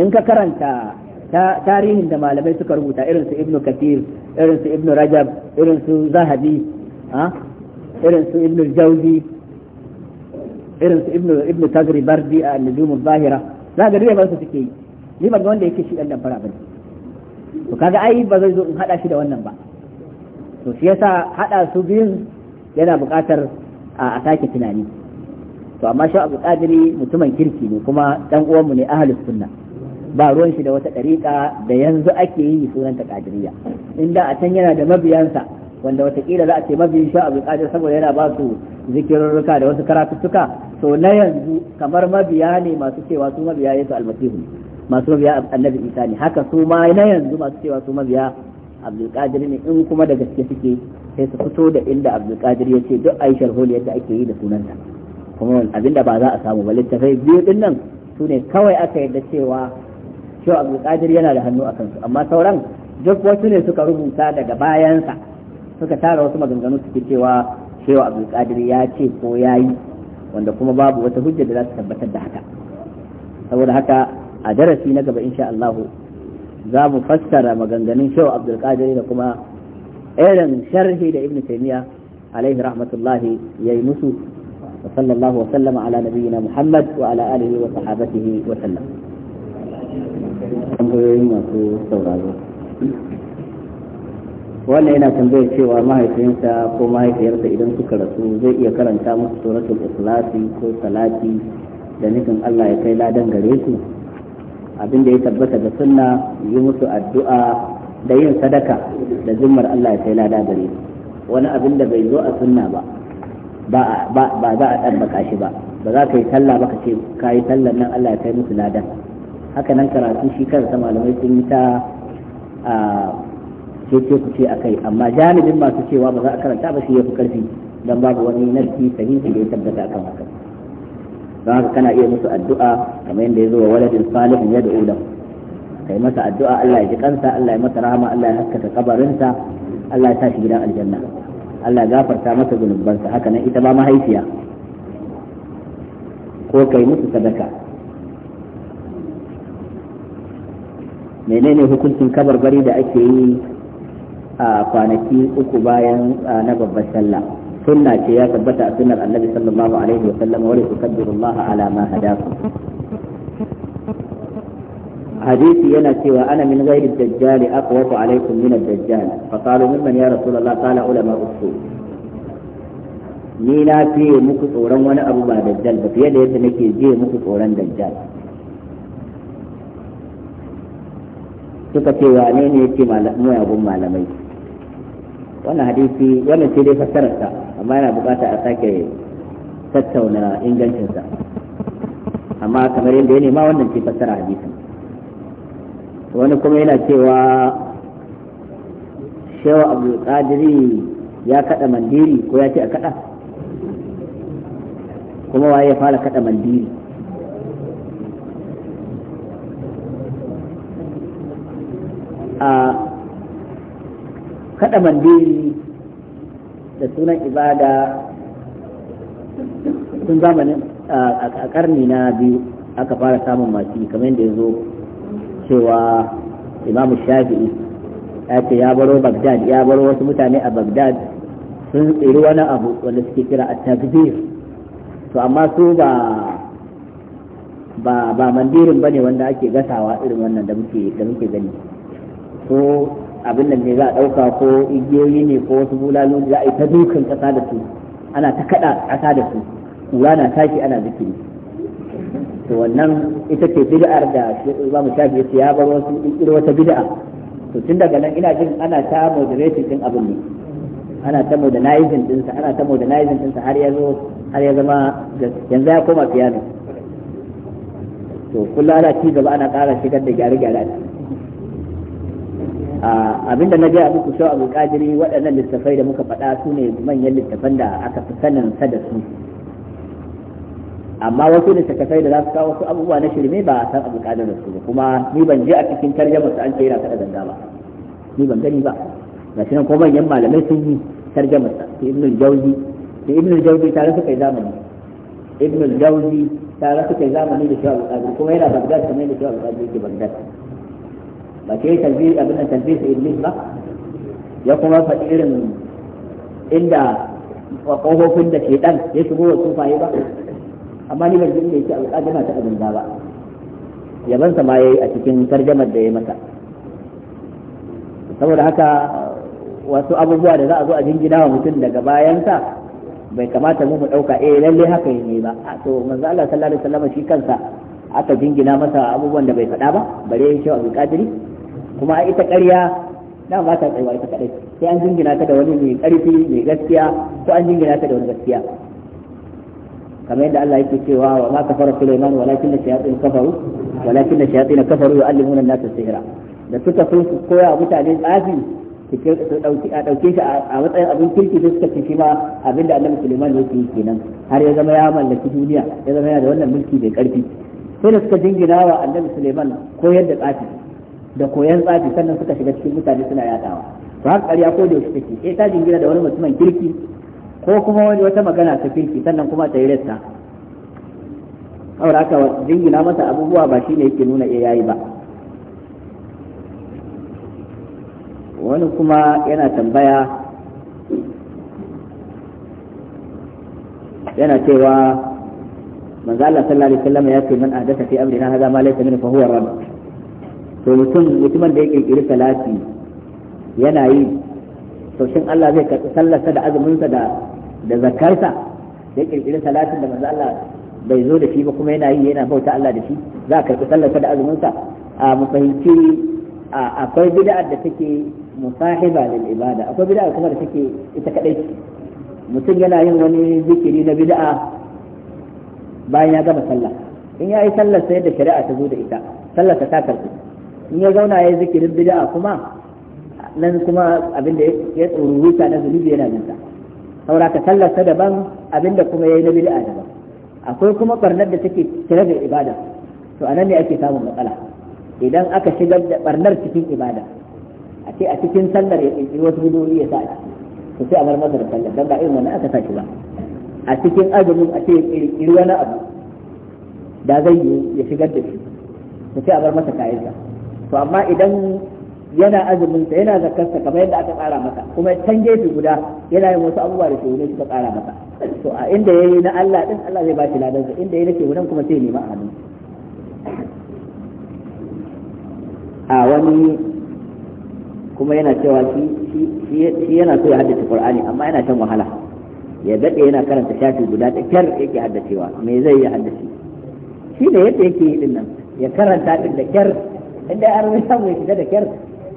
in ka karanta tarihin da malamai suka rubuta irin su ibnu kathir irin su ibnu rajab irin su zahabi irin su ibnu jawzi irin su ibnu ibnu tagri bardi a nujum zahira za ga riya su suke yi ni ban ga wanda yake shi dan dan fara bane to kaga ai ba zai zo in hada shi da wannan ba to shi yasa hada su biyun yana buƙatar a sake tunani to amma shi abu kadiri mutumin kirki ne kuma dan uwanmu ne ahlus sunna ba ruwan shi da wata dariƙa da yanzu ake yi sunanta kadiriya inda a can yana da mabiyansa wanda watakila za a ce mabiyin shi abu kadir saboda yana ba su zikirarruka da wasu karatuttuka to na yanzu kamar mabiya ne masu cewa su mabiya yesu almasihu masu mabiya annabi isa ne haka su ma na yanzu masu cewa su mabiya abdulkadir ne in kuma da gaske suke sai su fito da inda abdulkadir ya ce duk aishar holi yadda ake yi da sunanta kuma abinda ba za a samu ba littafai biyu din nan su ne kawai aka yarda cewa shi abu qadir yana da hannu a kansu amma sauran duk wasu ne suka rubuta daga bayansa suka tara wasu maganganu suke cewa shewa abu qadir ya ce ko ya yi wanda kuma babu wata hujja da za su tabbatar da haka saboda haka a darasi na gaba insha Allah za mu fassara maganganun shewa abdul qadir da kuma irin sharhi da ibnu taymiya alaihi rahmatullahi yayi musu وصلى الله وسلم على نبينا محمد وعلى آله وصحابته وسلم wannan yana tambayar cewa mahaifinsa ko mahaifiyarsa idan suka rasu zai iya karanta musu suratul ikhlasi ko salati da nufin Allah ya kai ladan gare su abin da ya tabbata da sunna yi musu addu'a da yin sadaka da zimmar Allah ya kai lada gare su wani abin da bai zo a sunna ba ba za a baka shi ba ba za ka yi sallah ba ka ce ka yi sallah nan Allah ya kai musu ladan haka nan karatu shi kansa malamai sun yi ta a ce ku ce akai amma janibin masu cewa ba za a karanta ba shi ya fi karfi don babu wani nafi sahihi da ya tabbata akan haka don haka kana iya musu addu'a kamar yadda ya zo wa waladin salihin ya da lahu kai masa addu'a Allah ya ji kansa Allah ya masa rahama Allah ya haskaka kabarinsa Allah ya sa shi gidan aljanna Allah ya gafarta masa zunubansa haka nan ita ba mahaifiya ko kai musu sadaka menene hukuncin kabarbari da ake yi a kwanaki uku bayan na babbar sallah sunna ce ya tabbata a sunnar annabi sallallahu alaihi wa sallam wa la ala ma hadaka hadisi yana cewa ana min ghairi dajjal aqwatu alaikum min ad-dajjal fa qalu mimman ya rasulullah qala ulama usul ni na fiye muku tsoron wani abu ba dajjal ba fiye da yadda nake je muku tsoron dajjal suka ce wane ne yake mayagun malamai wannan hadisi wannan sai dai fassararsa amma yana bukata a sake tattauna ingancinsa amma kamar yadda ya nema wannan ce fassara wani kuma yana cewa shewa abu qadiri ya kada mandiri ko ya ce a kada kuma waye ya fara kada mandiri a kada mandiri da sunan ibada sun zamanin a karni na biyu aka fara samun masu kamar yadda ya zo cewa imamu shafi'i ya ce ya baro bagdad ya baro wasu mutane a bagdad sun tsiri wani abu wanda suke kira a takbir to amma su ba ba ba mandirin bane wanda ake gasawa irin wannan da muke da muke gani ko abin nan ne za a ɗauka ko igiyoyi ne ko wasu bulaloli za a yi ta dukan ƙasa da su ana ta kaɗa ƙasa da su kura na tashi ana zikiri to wannan ita ce bid'ar da za mu shafi yace ya bar wasu ƙirƙiro wata bid'a to tun daga nan ina jin ana ta moderating din abin ne ana ta modernizing din sa ana ta modernizing din sa har ya zo har ya zama yanzu ya koma piano to kullum ana ci gaba ana ƙara shigar da gyare-gyare abinda na gaya muku shau abu kadiri waɗannan littafai da muka faɗa su ne manyan littafan da aka fi sanin sa da su amma wasu da takasai da za su kawo wasu abubuwa na shirme ba a san abu kadarin su ba kuma ni ban je a cikin tarjama su an ce yana kada ganga ba ni ban gani ba ga shi nan ko manyan malamai sun yi tarjama sa sai ibnul jauzi sai ibnul jauzi tare suka yi zamani ibnul jauzi tare suka yi zamani da shi al kuma yana bagdad kamar da shi al-qadir yake bagdad ba ke tanbih abin da nan tanbih iblis ba ya kuma faɗi irin inda kofofin da ke ɗan ya shigo wa sufaye ba amma ni ban jin da yake alƙadima ta abin ba yabansa ma yayi a cikin tarjamar da ya masa saboda haka wasu abubuwa da za a zo a jingina wa mutum daga bayansa bai kamata mu mu ɗauka eh lalle haka ne ba to manzo Allah sallallahu alaihi wasallam shi kansa aka jingina masa abubuwan da bai faɗa ba bare shi Abu Qadiri kuma ita ƙarya dan ba ta tsayuwa ita kadai sai an jingina ta da wani mai ƙarfi mai gaskiya ko an jingina ta da wani gaskiya kama yadda Allah yake cewa wa ma kafara Sulaiman walakin ash-shayatin kafaru walakin kafaru da suka so su koya mutane tsafi a dauke shi a matsayin abin kirki da suka ce shi ma abin da annabi Sulaiman yake yi kenan har ya zama ya mallaki duniya ya zama yana da wannan mulki mai karfi sai da suka jingina wa annabi Sulaiman koyar da tsafi da koyan tsafi sannan suka shiga cikin mutane suna yadawa to har ƙarya ko da yaushe take eh ta jingina da wani mutumin kirki ko kuma wani wata magana ta kirki sannan kuma ta yi rasta saboda haka jingina masa abubuwa ba shi ne yake nuna iya eh yayi ba wani kuma yana tambaya yana cewa manzo Allah sallallahu alaihi wasallam ya ce man ahdatha fi amrina hadha ma laysa min fa huwa rabb to mutum mutumin da ya kirki salati yana yi to shin Allah zai karɓi sallarsa da azuminsa da da zakarsa sai kirkiri salatin da manzo Allah bai zo da shi ba kuma yana yi yana bauta Allah da shi za ka sallar sallarsa da azumin sa a mu fahimci akwai bid'a da take musahiba lil ibada akwai bid'a kuma da take ita kadai mutum yana yin wani zikiri na bid'a bayan ya gama sallah in ya yi sallar sai da shari'a ta zo da ita sallar ta ta karɓi in ya zauna ya yi zikirin bid'a kuma nan kuma abin da ya wuta na zunubi yana nan saura ka tallata daban abinda kuma ya yi na bid'a daban akwai kuma barnar da take kira da ibada to anan ne ake samun matsala idan aka shigar da barnar cikin ibada a ce a cikin sallar ya tsinci wasu hudoyi ya sa a to sai a bar masa da sallar dan ba irin wannan aka sa shi ba a cikin azumin a ce ya kirkiri wani abu da zai yi ya shigar da shi to sai a bar masa kayansa to amma idan yana azumin sa yana zakarsa kamar yadda aka tsara masa kuma can gefe guda yana yin wasu abubuwa da shehune suka tsara masa to a inda yayi na Allah din Allah zai ba shi ladan sa inda yayi na shehunan kuma sai nema a hannun a wani kuma yana cewa shi yana so ya haddace Qur'ani amma yana shan wahala ya daɗe yana karanta shafi guda da kyar yake haddacewa me zai ya haddace shi ne yadda yake yi din nan ya karanta din da kyar inda an rubuta mai shiga da kyar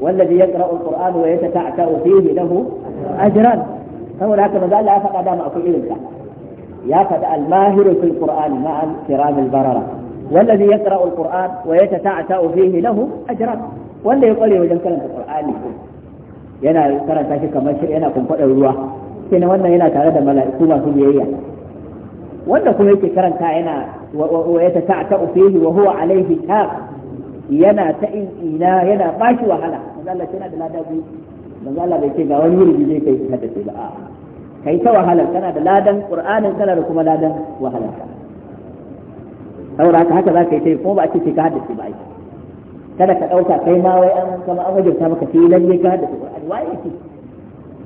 والذي يقرأ القرآن ويتتعتع فيه له أجرا فهناك لكن قال لا فقد ما أقول يا فد الماهر في القرآن مع كرام البررة والذي يقرأ القرآن ويتتعتع فيه له أجرا والذي يقول يوجد كلام القرآن ينا ترى تاشي كما شيء ينا كم قد الله كنا وانا ينا ترى دم لا كم هو جيّا وانا كم يكي كرنتا ينا ويتتعتع فيه وهو عليه كاف yana ta ina yana ba shi wahala manzo Allah yana da lada biyu manzo Allah bai ce ga wani wuri zai kai hada ce ba a'a kai ta wahala kana da ladan qur'anin kana da kuma ladan wahala saboda haka haka za ka yi sai kuma ba a ce ka hada ce ba ai kada ka dauka kai ma wai an kama an ta maka sai lalle ka hada ce qur'ani wai yake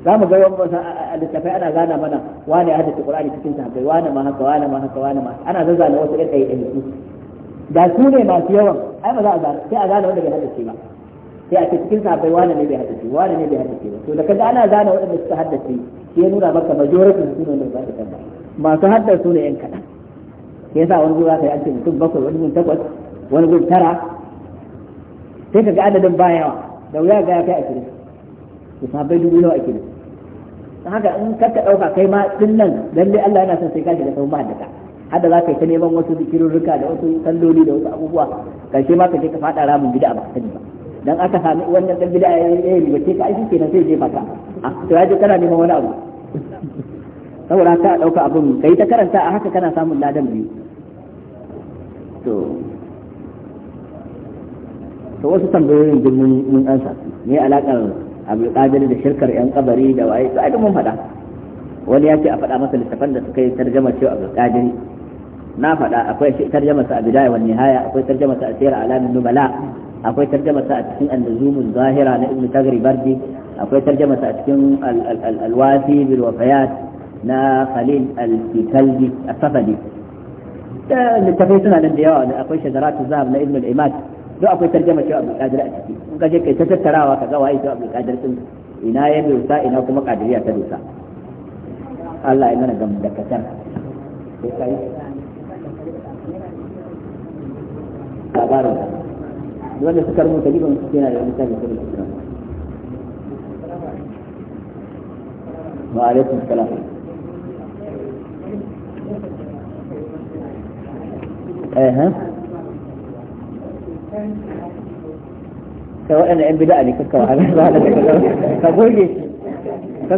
za mu ga wani a littafai ana gana mana wane ya haddace qur'ani cikin sahabbai wane ma haka wane ma haka wane ma ana zazzana wasu irin ɗaiɗaiku da su ne masu yawan ai ba za a gane sai a gane wanda bai haddace ba sai a ce cikin sabai wane ne bai haddace wane ne bai haddace ba to da kaga ana zana waɗanda suka haddace shi ya nuna maka majority su ne wanda ba su masu haddace su ne yan kaɗan sai yasa wani gurin aka yi an ce mutum bakwai wani gurin takwas wani gurin tara sai kaga adadin ba yawa da wuya ga ya kai ashirin su sabai dubu nawa a da haka in ka ɗauka kai ma ɗin nan lalle Allah yana son sai ka shiga sau ma haddaka hada za ka yi ta neman wasu zikirurruka da wasu salloli da wasu abubuwa karshe ma ka je ka fada ramin bid'a ba sani ba dan aka sami wannan dan bid'a ya yi ribace ka aiki kenan sai je baka ah, to ya je kana neman wani abu saboda ka dauka abun kai ta karanta a haka kana samun ladan biyu to to wasu tambayoyin din mun mun ansa ne alakar Abdul Qadir da shirkar yan kabari da waye to ai mun faɗa wani ya ce a faɗa masa littafan da suka yi tarjama cewa Abdul Qadir na faɗa akwai tarjama sa a bidaya wa nihaya akwai tarjama sa a sirr alamin nubala akwai tarjama sa a cikin an zahira na ibnu tagri bardi akwai tarjama sa a cikin al-wafi bil wafayat na khalil al-kikalbi as-safadi da littafai suna nan da yawa akwai shajaratu zahab na ibnu al-imad duk akwai tarjama cewa abdul qadir a ciki in ka je kai ta tattarawa ka ga waye cewa abdul qadir din ina ya dosa ina kuma qadiriya ta dosa Allah ya mana gamdakatar sai kai labarin wanda suka gidan su yana da su salam eh waɗanda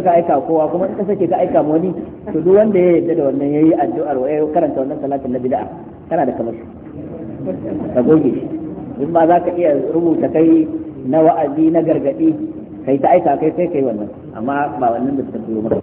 ka aika kowa kuma in ka sake ka aika wani to duk wanda ya yarda da wannan yayi addu'ar wa ya karanta wannan salatin na bid'a kana da kamar ka goge in ba za ka iya rubuta kai na wa'azi na gargadi kai ta aika kai sai kai wannan amma ba wannan da suka turo